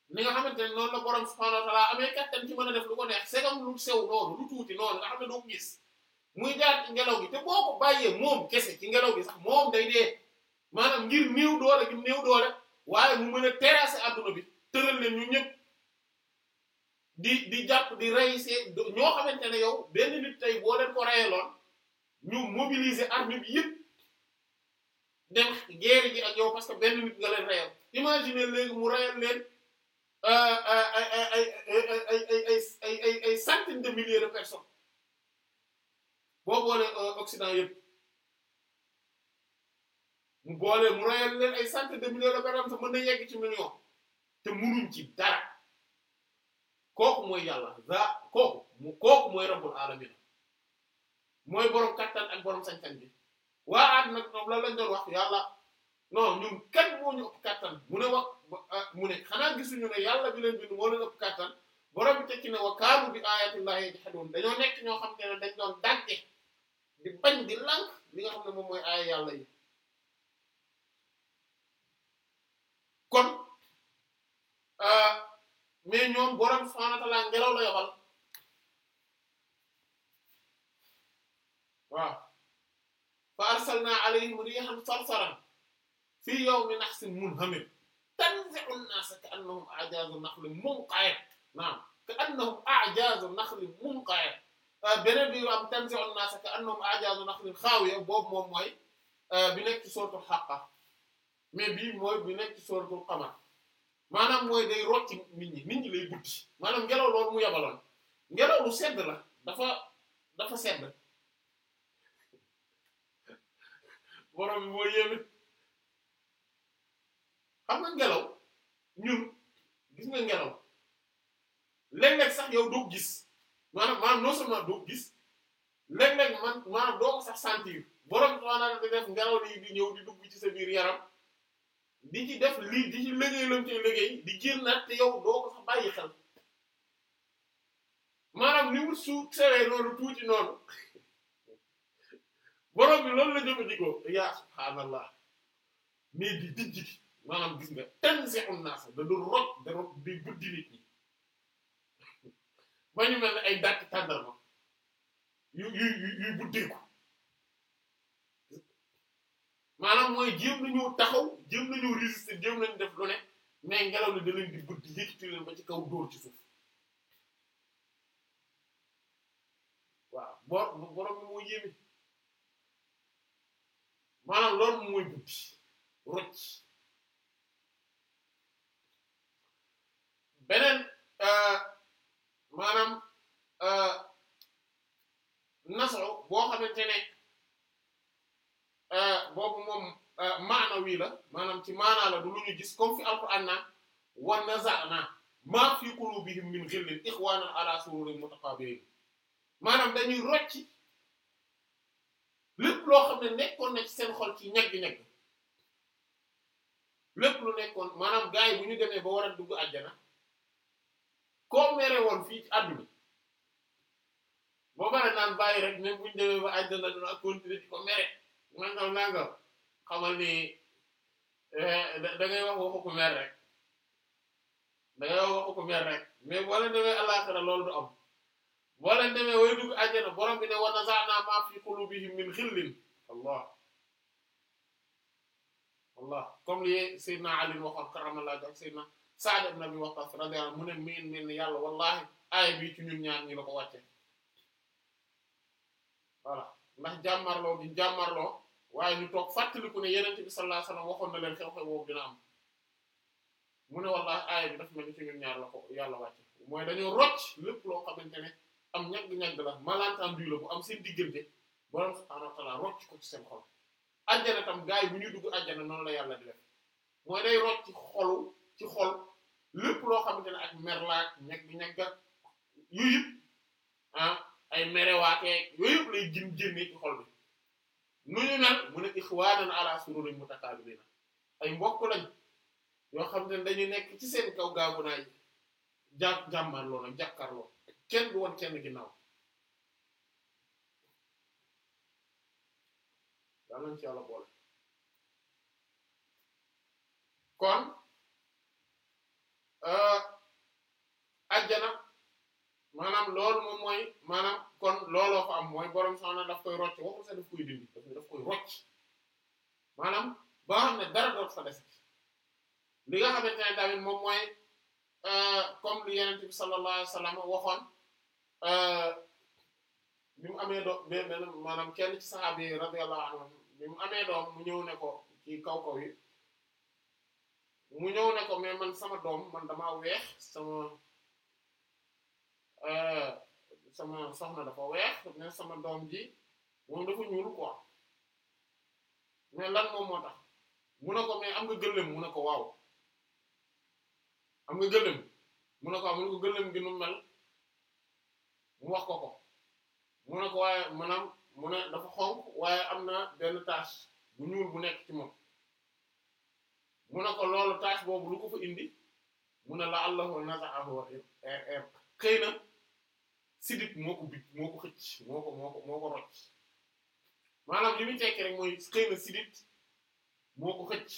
li nga xamante ne noonu la borom subhaanahu wa ta'ala amee kattan ci mën a def lu ko neex segam lu sew noonu lu tuuti noonu nga xam ne doo gis muy jaar ci ngelaw gi te boo ko bàyyee moom kese ci ngelaw gi sax moom day dee maanaam ngir néew doole gi néew doole waaye mu mën a terrasser leen ñu di di jàpp di rey see ñoo xamante ne yow benn nit tey boo leen ko reyeloon ñu mobiliser armée yëpp dem guerre ji ak yow parce que benn nit nga leen reyal imaginer léegi mu reyal leen ay ay ay ay ay ay de milliers de personnes boo boolee Occident yëpp mu boolee mu reyal leen ay centaines de milliers de personnes sax mën na yegg ci million te munuñ ci dara. kooku mooy yàlla za kooku mu kooku mooy rabbul alamin mooy borom kattan ak borom sañ-sañ bi waa aat nag moom lan lañ doon wax yàlla noo ñun kat moo ñu ëpp kattan mu ne wax ah, mu ne xanaa gisuñu ne yàlla bi leen bind moo leen ëpp kattan borom bi tekki ne wa kaaru bi ayatillahi yajhadun dañoo nekk ñoo xam te ne dañ doon dànke di bañ di lànk li nga xam ne moom mooy aaya yàlla yi kon. Ah, mais ñoom borom subhaanahu wa ta'aala ngelaw la yabal waaw fa arsalnaa alayhim riihan sarsaran fii yawmi nahsin munhamir tanzi'u an-naasa ka'annahum a'jaazu naxlin munqa'ir naam ka'annahum a'jaazu naxlin munqa'ir ah, beneen bi am tanzi'u an-naasa ka'annahum a'jaazu naxlin xaawiya boobu moom mooy ah, bi nekk ci sooratul Haqqa mais bii mooy bi nekk ci sooratul Qamar maanaam mooy day rocc nit ñi nit ñi lay buddi maanaam ngelaw loolu mu yabaloon ngelaw lu sedd la dafa dafa sedd borom bi moo yéeme xam ngelaw ñun gis nga ngelaw léeg-léeg sax yow doo gis maanaam maanaam non seulement doo gis léeg-léeg man maanaam doo ko sax sentir borom bi subhaanahu wa ta'aala def ngelaw li ñëw di dugg ci sa biir yaram di ci def lii di ci liggéey lam ci liggéey di génnaat te yow doo ko sax bàyyi xel maanaam ni mu suuf seree loolu tuuti noonu borom loolu la jëfandikoo yaa subhaanallah mais di dijj gi maanaam gis nga tanzi'u naas da doon roj da roj di buddi nit ñi ba ñu mel ne ay dàtt tàndarma yu yu yu buddeeku maanaam mooy jéem nañu taxaw jéem nañu résister def lu ne mais ngelaw li da leen di guddi yëkkati leen ba ci kaw dóor ci suuf waaw bor borom bi moo yéeme maanaam loolu mooy guddi rocc beneen euh, maanaam euh, naso boo xamante ne Euh, boobu moom euh, maana wii la maanaam ci maanaa la du lu ñu gis comme fi alquran naan wa naza'na ma fi qulubihim min ghillin ikhwanan ala sururin mutaqabilin maanaam dañuy rocci lépp loo xam ne nekkoon na ci seen xol ci ñegg-ñegg lépp lu nekkoon maanaam gars bu ñu demee ba war a dugg àjjana koo mere woon fii ci àdduna boo bare naan bàyyi rek même bu ñu demee ba àjjana dina continuer di ko mere nangam nangam xamal ni eh, da wax waxu ko mer rek da ngay wax waxu ko mer rek mais boo leen demee àllaaxira loolu du am boo leen demee way borom bi ne wa naza'na ma fi qulubihim min xillin allah allah comme li Seydina Ali waxoon karamallahu wajhahu Seydina Sa'd ibn Abi Waqqas radiyallahu anhu mu ne miin miin yàlla wallahi aaya bii ci ñun ñaar ñi la ko wàcce voilà ndax jàmmarloo gi jàmmarloo waaye ñu toog fàttaliku ne yeneen bi sallallahu alayhi wasallam waxoon na leen xew-xew boobu dina am mu ne wallaahi aaya daf mel ni ci ñun ñaar la ko yàlla wàcce mooy dañoo rocc lépp loo xamante ne am ñagg-ñagg la malentendu la bu am seen diggante borom subhaanahu wa ta'ala rocc ko ci seen xol ajjana tam gars yi bu ñuy dugg ajjana noonu la yàlla di def mooy day rocc xolu ci xol lépp loo xamante ne ak merlaak ñagg-ñagg yooyu yëpp ah ay merewaatee yooyu yëpp lay jëm jëmee nu ñu mel mu ne ixwaanan ala sururin mutakaabilina ay mbokk lañ yoo xam ne dañu nekk ci seen kaw gaagu naay jà jàmmarloo nag jàkkarloo kenn du woon kenn ginnaaw daa lañ ci yàlla boole kon ajjana euh, maanaam loolu moom mooy maanaam kon looloo ko am mooy borom soxna daf koy rocc waxul sax daf koy dindi daf koy rocc maanaam ba xam ne dara doot fa des li nga xamante ne tamit moom mooy euh, comme lu Yonent bi sallallahu alayhi waxoon bi euh, mu amee doom benn maanaam kenn ci saxaaba yi radiyallahu anhum bi mu amee doom mu ñëw ne ko ci kaw kaw yi mu ñëw ne ko mais man sama doom man dama weex sama. Euh, sama soxna dafa weex mais sama doom ji moom dafa ñuul quoi mais lan moom moo tax mu ne ko mais am na gëllëm mu ne ko waaw am nga gëllëm mu ne ko am mu nu mel mu wax ko ko mu ne ko waaye maanaam mu ne dafa xonq waaye am na benn tache bu ñuul bu nekk ci moom mu ne ko loolu taas boobu lu ko fa indi mu ne la allahu nazaahu xëy na sidit moo ko bit moo ko xëcc moo ko moo ko moo ko rocc maanaam li muy rek mooy xëy na sidit moo ko xëcc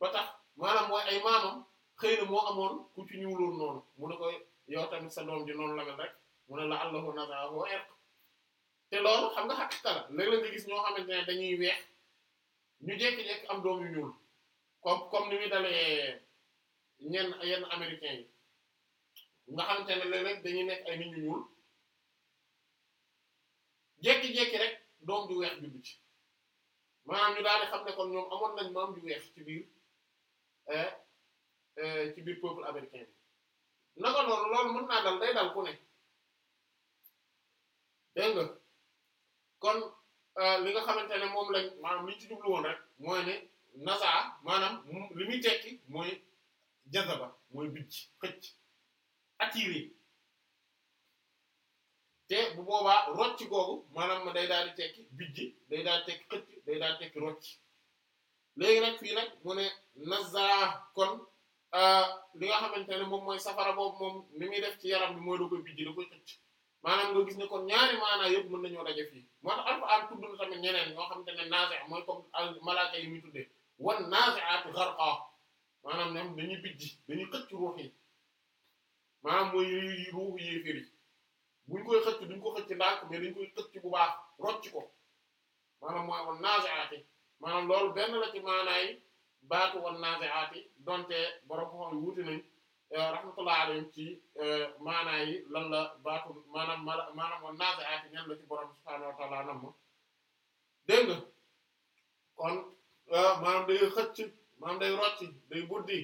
ba tax maanaam mooy ay maamam xëy na moo amoon ku ci ñuuloon noonu mu ne ko yow tamit sa doom ji noonu la mel rek mu ne la allahu nazaahu erq te lool xam nga xaqiqa la nga gis ñoo xamante ne dañuy weex ñu jékki-jékki am doom yu ñuul comme comme ni muy dalee ñenn yenn américains yi nga xamante ne léeg-léeg dañuy nekk ay nit ñu ñuul jékki-jékki rek doom ju weex juddu ci maanaam ñu daal di xam ne kon ñoom amoon nañ maam ju weex ci biir eh, eh, ci biir peuple américain bi naka noonu mën naa dal day dal ku ne dégg nga kon eh, li nga xamante ne moom lañ maanaam li ci jublu woon rek mooy ne nasa maanaam li muy tekki mooy jazaba mooy bijj xëcc attiré te bu boobaa rocc googu ma day daal di tekki bijji day daal di tekki day daal di tekki rocc léegi nag fii nag mu ne nazaa kon euh, li nga xamante ne moom mooy safara boobu moom ni muy def ci yaram bi mooy da koy bijji da koy xëcc maanaam nga gis ne kon ñaari maanaa yëpp mën nañoo daje fii moo tax Alxuraan tudd na tamit ñeneen ñoo xamante ne nazaa mooy comme malaaka yi muy tuddee wan nazaatu gharqa maanaam ñoom dañuy bijji dañuy xëcc ruux yi maanaam mooy yooyu ruuxu yéefér yi buñ koy xëcc duñ ko xëcc ndànk mais dañ koy xëcc bu baax rocc ko maanaam mooy wan naazi'aati maanaam loolu benn la ci maanaay baatu wan naazi'aati donte borom xam ne wuute nañ eh, rahmatullahi alayhim ci eh, maanaa yi lan la baatu maanaam maanaam wan naazi'aati ñan la ci borom subhaanahu wa nam ma dégg nga kon eh, maanaam day xëcc maanaam day rocc day buddi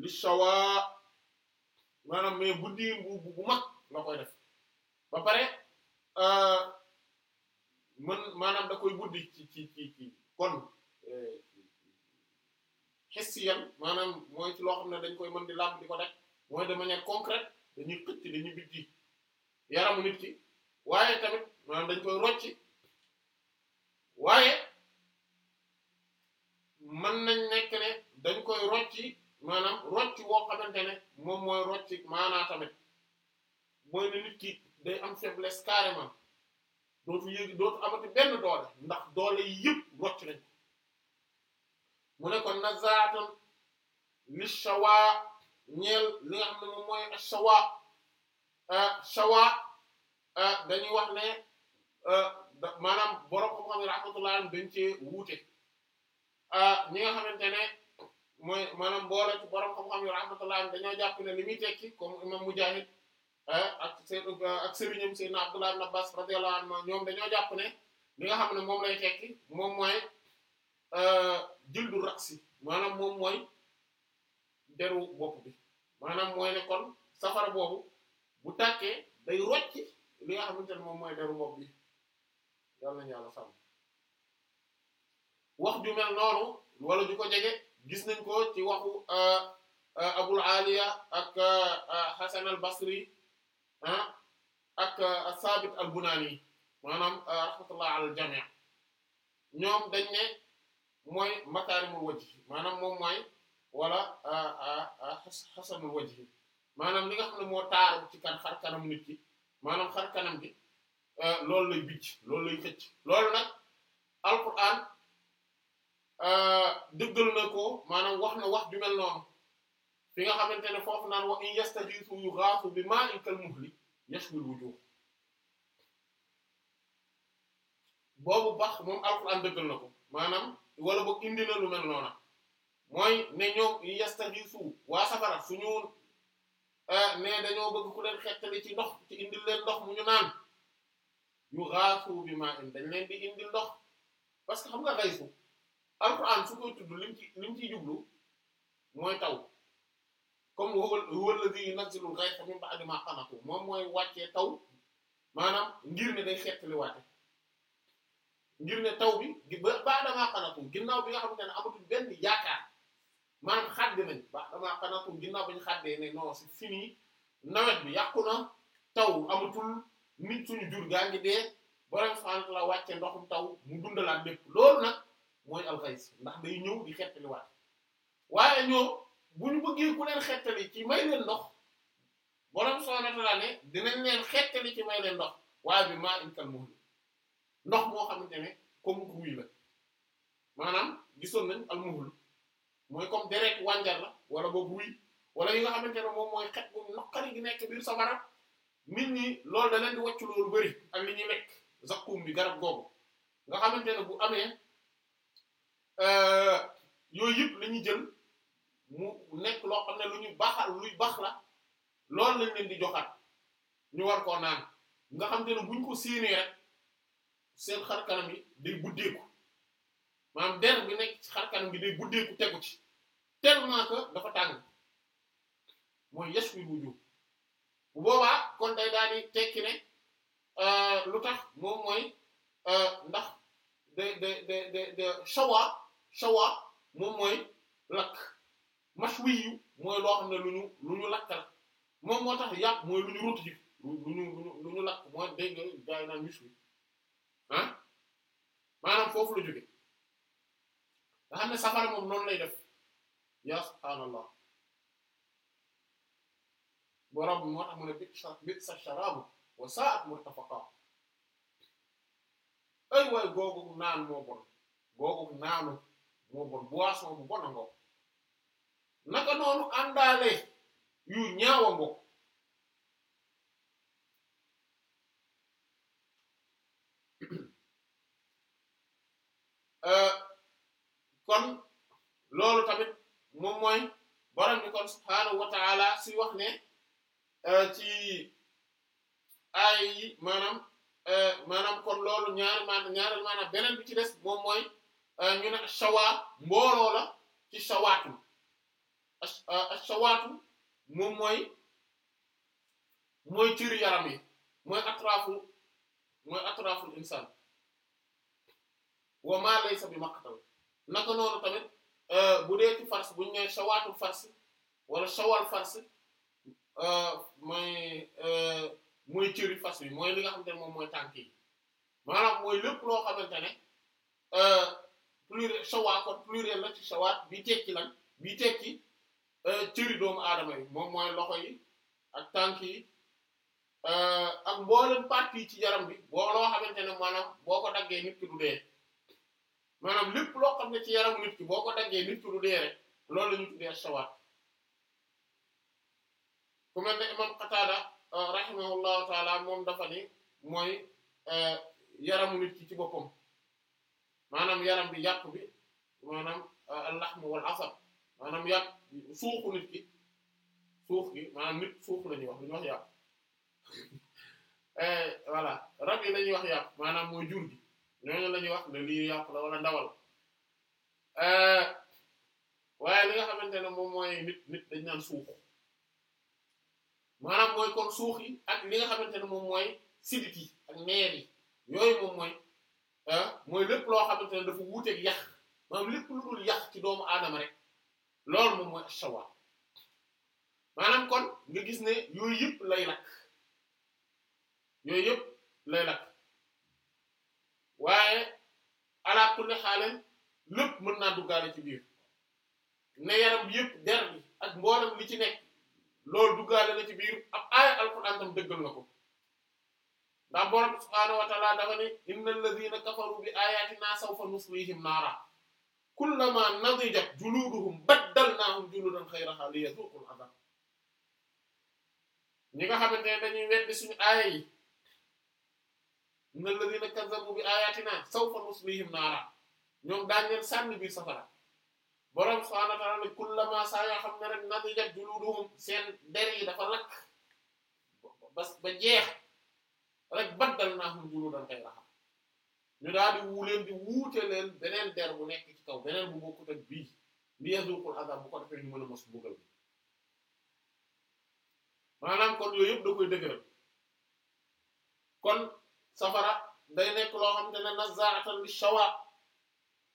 li shawaa maanaam mais guddi bu bu mag la koy def ba pare euh, man maanaam da koy buddi ci ci ci ci kon euh, xessiyan maanaam mooy ci loo xam ne dañ koy mën di làmb di ko def mooy de manière concrète dañuy xëcc dañuy bijji yaramu nit ki waaye tamit maanaam dañ koy rocci waaye mën nañ nekk ne dañ koy rocci maanaam rocci woo xamante ne moom mooy rocci maanaa tamit mooy ne nit ki day am faiblesse carrément dootu yëg dootu amati benn doole ndax doole yëpp rocc nañ ko mu ne kon nazaatan li shawa ñeel li nga xam moom mooy shawa ah, shawa ah, dañuy wax ne ah, maanaam borom ko xam ne rahmatullah dañ cee wuute ñi nga xamante ne mooy maanaam boole ci borom xam-xam yu rahmatullah dañoo jàpp ne li muy tekki comme imam Mujahid ah, ak seen ak sëriñam Seydina Abdullah ibn Abbas radiyallahu anhu ñoom dañoo jàpp ne li nga xam ne moom lay tekki moom mooy euh, jildu raksi maanaam moom mooy deru bopp bi maanaam mooy ne kon safara boobu bu tàkkee day rocci li nga xamante ne moom mooy deru bopp bi yàlla na yàlla sàmm wax ju mel wala ju ko jege. gis nañ ko ci waxu euh, euh, Abul Aliya ak euh, Hasan al ah, ak Sabit al Bunani maanaam rahmatullah al jami' ñoom dañ ne mooy makaarimul wajhi maanaam moom mooy wala hasanul wajhi maanaam li nga xam ne moo taaru ci kan xar kanam nit ki maanaam xar kanam bi loolu lay bicc loolu lay xëcc loolu nag alquran Euh, dëggal na ko maanaam wax na wax ju mel noonu fi nga xamante ne foofu naan wa in yastaxiisu yughaasu bi maa maa'in kal muhli yashwil wujuuh boobu bax moom alxuraan dëggal na ko maanaam wala boog indi na lu mel noona mooy ne ñoom yastaxiisu waa safara suñu euh, ne dañoo bëgg ko leen xettali ci ndox ci indil leen ndox mu ñu naan yughaasu bi maa'in dañ leen di indil ndox parce que xam nga xaysu alquran su koy tudd lim ci lim ciy jublu mooy taw comme huwa alladhi yunazzilu al-ghaytha min ba'di ma qanatu moom mooy wàccee taw maanaam ngir ne day xettali waate ngir ne taw bi ba ba'da ma qanatu ginnaaw bi nga xamante ne maanaam xaddi nañ ba'da ma qanatu ginnaaw bi ñu xaddee ne nawet bi yàqu na taw amatul nit suñu jur gaa ngi dee borom subhanahu wa ta'ala wàccee ndoxum taw mu dundalaat lépp loolu nag. mooy alxays ndax day ñëw di xettali waat waaye ñoo bu ñu bëggee ku leen xettali ci may leen ndox borom soo wa ta'aala ne dinañ leen xettali ci may leen ndox waaye bi maa inkal moom ndox moo xamante ne comme ruuy la maanaam gisoon nañ al muhlu mooy comme deret wànjar la wala ba ruuy wala yi nga xamante ne moom mooy xet bu naqari gi nekk biir safara nit ñi loolu da leen di wàccu loolu bëri ak li ñuy lekk zakkum bi garab googu nga xamante ne bu amee. Euh, yooyu yëpp la jël mu nekk loo xam ne lu ñu baaxal luy baax la loolu lañ leen di joxaat ñu war koo naan nga xam te ne buñ ko séenee seen xar kanam yi day buddeeku maanaam der bi nekk ci xar bi day buddeeku tegu ci tellement que dafa tàng mooy yes wi bu bu boobaa kon day daal di tekki ne euh, lu tax moom mooy euh, ndax de de de de de shawaab moom mooy lakk mashwiyu mooy loo xam ne lu ñu lu ñu lakk la moom moo tax yàpp mooy lu ñu ruutu lu ñu lakk mooy dégg nga gaay naan mishwi ah maanaam foofu la jóge nga xam ne safara moom noonu lay def yaa subhaanallah borom bi moo tax mu ne bit sharaabu wa sa'at murtafaqa ay waay googu naan moo bon googu naanu moo bon boisson bu bon a ngoog naka noonu yu ñaaw a euh, kon loolu tamit moom mooy borom bi kon subhaanahu wa si wax ne euh, ci ay yi maanaam euh, maanaam kon loolu ñaari maanaam ñaari maanaam beneen bi ci des moom mooy Euh, ñu ne shawaa mbooloo la ci shawaatu shawaatu euh, moom mooy mooy ciri yaram yi mooy atrafu mooy atraful insaan wa maa laysa bi maqtal naka noonu tamit euh, bu dee ci fars bu ñu nee shawaatul fars wala shawal fars mooy mooy cëri fas bi mooy li nga xam ne moom mooy tànk yi maanaam mooy lépp loo xamante ne pluriel shawaa kon pluriel la ci shawaat bi tekki lan bi tekki euh, cëri doomu aadama yi moom mooy loxo yi ak tànk yi euh, ak mboolem partie ci yaram bi boo loo xamante ne maanaam boo ko daggee nit ki du dee maanaam lépp loo xam ne ci yaram nit ki boo ko daggee nit ki du dee rek loolu la ñu tuddee shawaat ku mel ne imam Qatada euh, rahimahullahu taala moom dafa ni mooy yaramu nit ki ci boppam maanaam yaram bi yàpp bi maanaam euh, al-lahm wal asab maanaam yàpp suuxu nit ki suux gi maanaam nit suux la ñuy wax lu ñuy wax yàpp eh, voilà rab yi la wax yàpp maanaam mooy jur gi ñooñu la wax ne lii yàpp la wala ndawal eh, waaye li nga xamante ne moom mooy nit nit dañ naan suux maanaam mooy kon suux ak li nga xamante ne mooy sidit ak neer yi yooyu moom mooy ah mooy lépp loo xamante ne dafa wuuteeg yàq maanaam lépp lu dul yàq ci doomu aadama rek lool moom mooy ash maanaam kon nga gis ne yooyu yëpp lay lakk yooyu yëpp lay lakk waaye ala kulli lépp mën naa duggaale ci biir ne yaram bi yëpp der bi ak mboolem li ci nekk loolu duggaale la ci biir ab aaya alxuraan tam dëggal na ko ndax borom subhaanahu wa ta'ala dafa ne innal ladhina kafaru bi ayatina sawfa nuslihim naara kullama nadijat juluduhum baddalnahum juludan ghayraha liyazuqul adab ñi nga xamante ne dañuy weddi suñu aaya yi innal ladhina kazzabu bi ayatina sawfa nuslihim naara ñoom daañu leen sànni biir safara borom subhaanahu wa ta'ala ne kullama saa yoo xam ne rek nadijat juluduhum seen der yi dafa lakk ba ba jeex. rek baddal naa xam gulu dan xëy raxam ñu daal di wuuleen di wuute leen beneen der bu nekk ci kaw beneen bu bokkut ak bii li yazuqul azab bu ko defee ñu mën a mos mbugal bi maanaam kon yooyu yëpp da koy dëgëral kon safara day nekk loo xam te ne nazaatan li shawa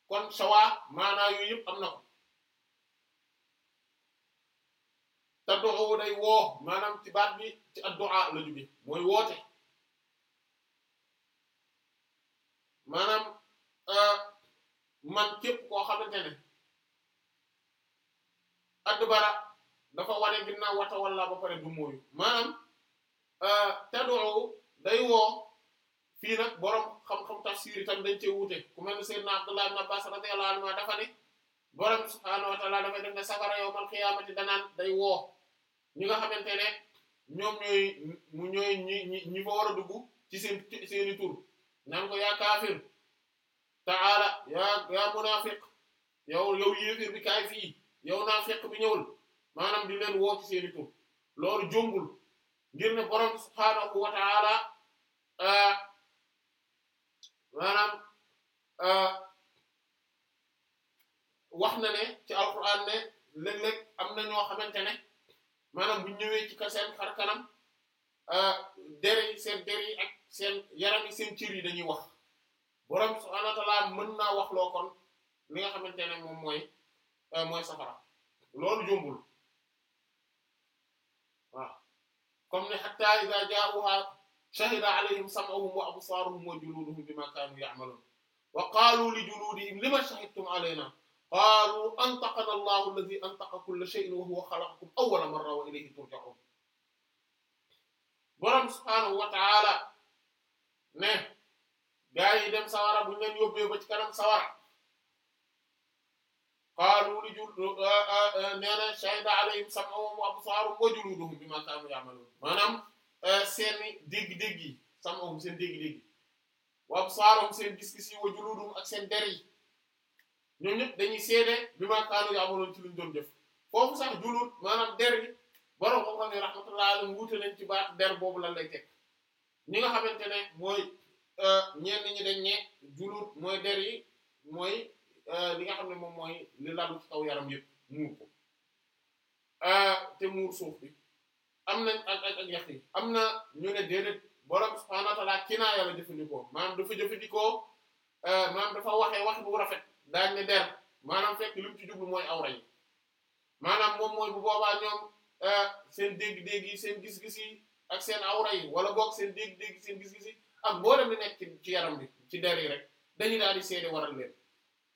kon shawa maanaa yooyu yëpp am na ko te du'u day woo maanaam ci baat bi ci addu'a la jóge mooy woote maanaam euh, man képp koo xamante ne adbara dafa wane ginnaaw wata walla ba pare du mooyu maanaam euh, tadoo day woo fii nag borom xam-xam tafsir itam dañ cee wuute ku mel ne Seydina Abdullah ibn Abbas radiyallahu anhu dafa ne borom bi subhaanahu wa ta'ala dafay def ne safara yawmal qiyaamati danaan day woo ñi nga xamante ne ñoom ñooy mu ñooy ñi ñi ñi fa war a dugg ci seen seeni tur naan ko yaa kaafir taala yaa yaa munaafiq yow yow yéefir bi kaay fii yow naafiq bi ñëwul maanaam di leen woo ci seeni tur loolu jombul ngir ne borom subhaanahu wa taala euh, maanaam euh, wax na ne ci alquran ne léeg-léeg am na ñoo xamante ne maanaam bu ñëwee ci ka seen xar kanam euh, deri seen deri ak seen yaram yi seen cër yi dañuy wax borom subhaanahu wa ta'aala mën naa wax loo kon li nga xamante ne moom mooy euh, mooy safara loolu jombul waaw comme ne hatta iza jaa'uha shahida alayhim sam'uhum wa absaaruhum wa juluduhum bimaa kaanu ya'maluun wa qaalu li juluudihim lima shahidtum alaynaa qaalu antaqana allahu alladhii antaqa kulla shay'in wa huwa khalaqakum awwala marra wa ilayhi turja'uun borom subhaanahu wa ta'aala ne gaa dem sawara bu ñu yóbbee ba ci kanam sawara qaalu li jul nee na shahida alayhim sam'uhum wa absaaruhum wa juluduhum bimaa kaanu ya'maluun maanaam seeni dégg-dégg yi sam'uhum seen dégg-dégg wa absaaruhum seen gis-gis yi wa juluduhum ak seen der yi ñoom ñëpp dañuy seede bimaa kaanu ya'maluun ci luñ doon def foofu sax julud maanaam der bi borom xam-xam ne rahmatullahi alayhim nañ ci baat der boobu lan lay ñi nga xamante ne mooy euh, ñeen ñi dañ ne julut mooy der yi mooy euh, li nga xam ne moom mooy li lalu ci kaw yaram yëpp muur ko euh, te muur suuf bi am nañ ak ak ak yax yi am na ñu ne déedéet borom subhanahu wa ta'ala kinaaya la jëfandikoo maanaam dafa jëfandikoo maanaam dafa waxee wax bu rafet daañ ne der maanaam fekk li mu ci jublu mooy awra yi maanaam moom mooy bu boobaa ñoom seen dégg-dégg yi seen gis-gis yi ak seen awra yi wala boog seen dégg-dégg seen gis-gis yi ak mboolem li nekk ci yaram bi ci der yi rek dañu daal di seede waral leen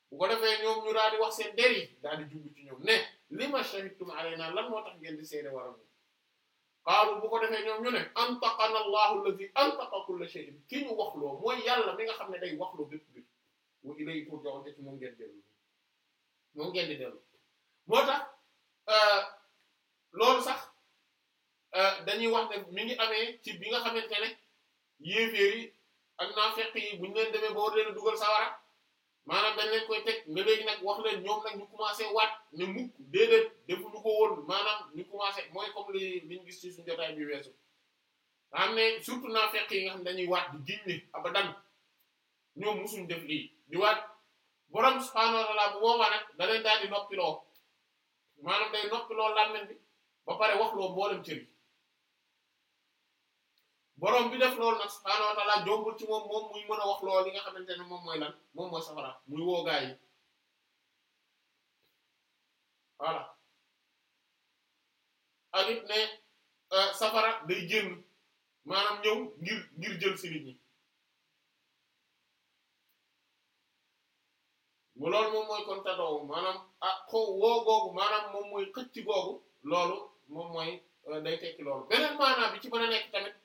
bu ko defee ñoom ñu wax seen der yi daal di jublu ci ne li ma shahidtum alaynaa lan moo tax ngeen di seede waral leen qaalu bu ko defee ñoom ñu ne antaqana allahu allazi antaqa kulla shay'in ki ñu wax loo mooy yàlla mi nga xam ne day wax loo bépp bi wa ilayhi turja'un ci moom ngeen dellu moom ngeen di dellu moo tax euh, loolu sax. Euh, dañuy wax ne mi ngi amee ci bi nga xamante ne yéeféer yi ak naafeq bu ñu leen demee ba war leen dugal sawara maanaam dañ leen koy teg nga léegi nag wax leen ñoom nag ñu commencé waat ne mukk déedéet defu ko woon maanaam ñu commencé mooy comme li liñ gis ci suñu jotaay bi weesu nga xam ne surtout yi nga xam ne dañuy waat di giñ ne abadan ñoom musuñ def lii di waat borom subhaanahu wa ta'aala bu boobaa nag da leen daal di noppiloo maanaam day noppiloo làmmiñ bi ba pare wax loo mboolem cër yi borom bi def loolu nag subhaanahu wa ta'aala jombul ci moom moom muy mën a wax loolu li nga xamante ne moom mooy lan moom mooy safara muy woo gaa yi ne euh, safara day génn maanaam ñëw ngir ngir jël si nit ñi mu loolu moom mooy kon maanaam ah xaw woo googu maanaam moom mooy xëcc googu loolu moom mooy euh, day tekki loolu beneen maanaam bi ci mën a nekk tamit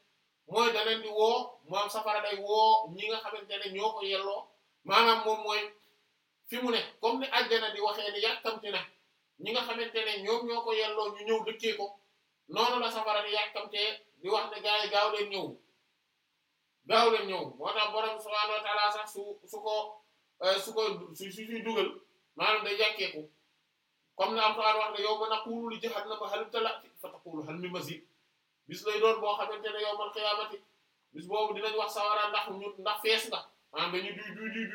mooy da leen di woo moom safara day woo ñi nga xamante ne ñoo ko yelloo maanaam moom mooy fi mu ne comme ni àjjana di waxee ni yàkkamti na ñi nga xamante ne ñoom ñoo ko yelloo ñu ñëw dëkkee ko noonu la safara di yàkkamtee di wax ne gars yi gaaw leen ñëw gaaw leen ñëw moo tax borom subhaanahu wa ta'aala sax su su ko euh, su ko su suy dugal maanaam day yàkkeeku comme ne Alxuraan wax ne yawma naqulu li jahannama hal imtala'ti fa taqulu hal min mazid bis lay doon boo xamante ne yow man xiyaamati bis boobu dinañ wax sawara ndax ñu ndax fees nga maanaam dañuy duy duy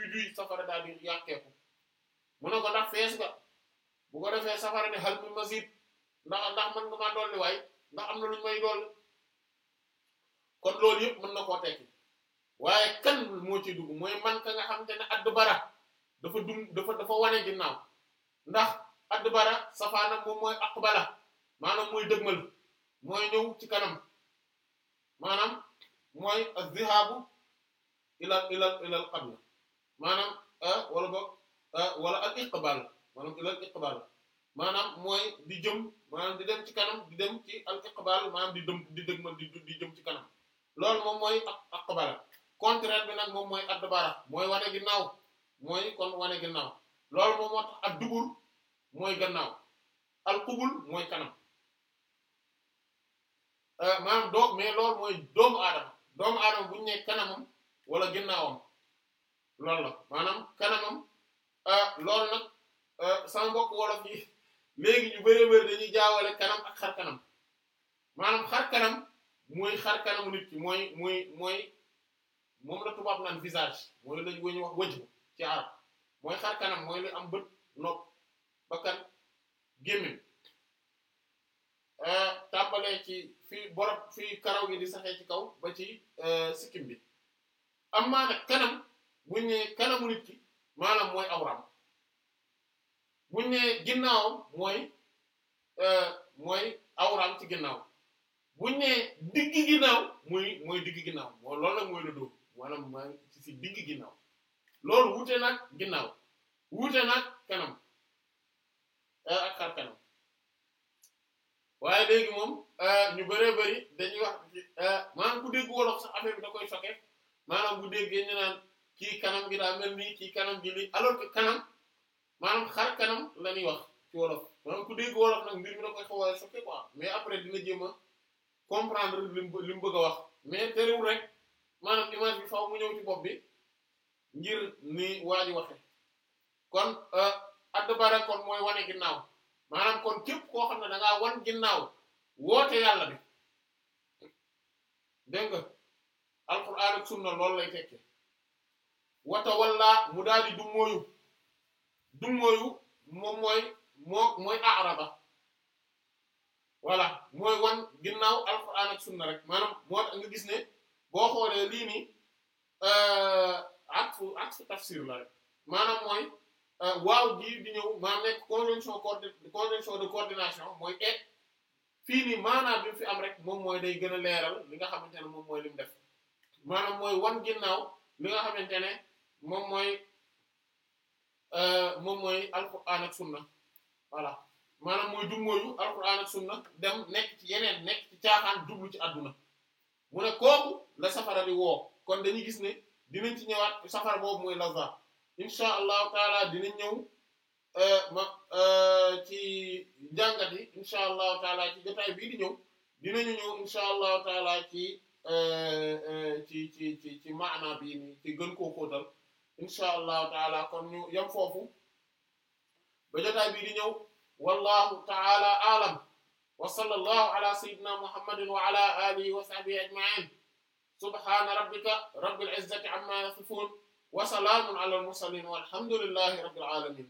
mu ne ko ndax fees nga bu ko defee safara ne hal min mazid ndax ndax mën nga maa dolli waaye ndax am na lu ñu may dolli kon loolu yëpp mën na koo tekki waaye kan moo ci dugg mooy man ka nga xamante ne add bara dafa dum dafa dafa wane ginnaaw ndax add bara safaanam moom mooy aqbala maanaam mooy dëgmal mooy ñëw ci kanam maanaam mooy az-zihaabu ila ila ila al-qabla maanaam ah, wala boog ah, wala al-iqbal maanaam ila al-iqbal maanaam mooy di jëm maanaam di dem ci kanam di dem ci al-iqbal maanaam di dem di dëgmal di jëm ci kanam loolu moom mooy aqbala contraire bi nag moom mooy adbara mooy wane ginnaaw mooy kon wane ginnaaw loolu moom moo tax ad mooy gannaaw al-qubul mooy kanam. Euh, maanaam doom mais loolu mooy doomu aadama doomu aadama bu ñu ne kanamam wala ginnaawam loolu la maanaam kanamam euh, loolu nag euh, sama mbokk wolof yi léegi ñu bëree bëri dañuy jaawale kanam ak xar kanam maanaam xar kanam mooy xar kanamu nit ki mooy mooy mooy moom la tubaab naan visage mooy lañ ñu wax wëj ci arab mooy xar kanam mooy li am bët nopp bakkan gémmiñ tàmbalee ci fii borop fii karaw gi di saxee ci kaw ba ci euh, sikkim bi am nag kanam buñ ne kanamu nit ki mooy awram buñ ne ginnaaw mooy euh, mooy awram ci ginnaaw buñ ne digg ginnaaw muy mooy digg ginnaaw moo loolu nag mooy la dóom maanaam maa ci si digg ginnaaw loolu wuute nag ginnaaw wuute nag kanam euh, ak xar kanam waaye léegi moom Euh, ñu bëree bëri dañuy wax euh, maanaam bu dégg wolof sax affaire bi da koy soke maanaam bu déggee ñu naan kii kanam gi daa mel nii kii kanam gi nii alors que kanam maanaam xar kanam la ci wolof maanaam ku dégg wolof nag a mais après dina jéem a comprendre li bëgg a wax mais rek maanaam image bi faaw bopp bi ngir ni waa ji waxe kon euh, addabara ginnaaw kon képp koo xam ne da ngaa wan ginnaaw. woote yàlla bi dégg nga alquran ak sunna loolu lay tekke wata walla mu daal di dummóoyu dummóoyu moom mooy moo mooy araba voilà mooy wan ginnaaw alquran ak na rek maanaam moo nga gis ne boo xoolee lii nii ak euh, ak tafsir la rek maanaam mooy euh, waaw ji di ñëw maanaam nekk conjonction coordination de coordination mooy et fii nii maanaam bi mu fi am rek moom mooy day gën a leeral li nga xamante ne moom mooy li mu def maanaam mooy wan ginnaaw li nga xamante ne moom mooy euh, moom mooy alquran ak voilà maanaam mooy dummóoyu alquran ak sunna dem nekk ci yeneen nekk ci caaxaan jublu ci àdduna mu ne kooku la safara di woo kon dañu gis ne dinañ ci ñëwaat safara boobu mooy lazza insha allahu taala dinañ ñëw Euh, ma euh, ci jàngat yi incha allahu taala ci jotaay bii di ñëw dinañu ñëw incha allahu taala ci euh, ci ci ci ci maana bii nii ci gën koo xóotal incha allahu taala kon ñu yem foofu ba jotaay bii di ñëw wallahu taala alam wa sallallahu ala sayyidina muhammadin wa ala alihi wa sahbihi ajma'in subhana rabbika rabbil izzati amma yasifun wa salamun ala al mursalin walhamdulillahi rabbil alamin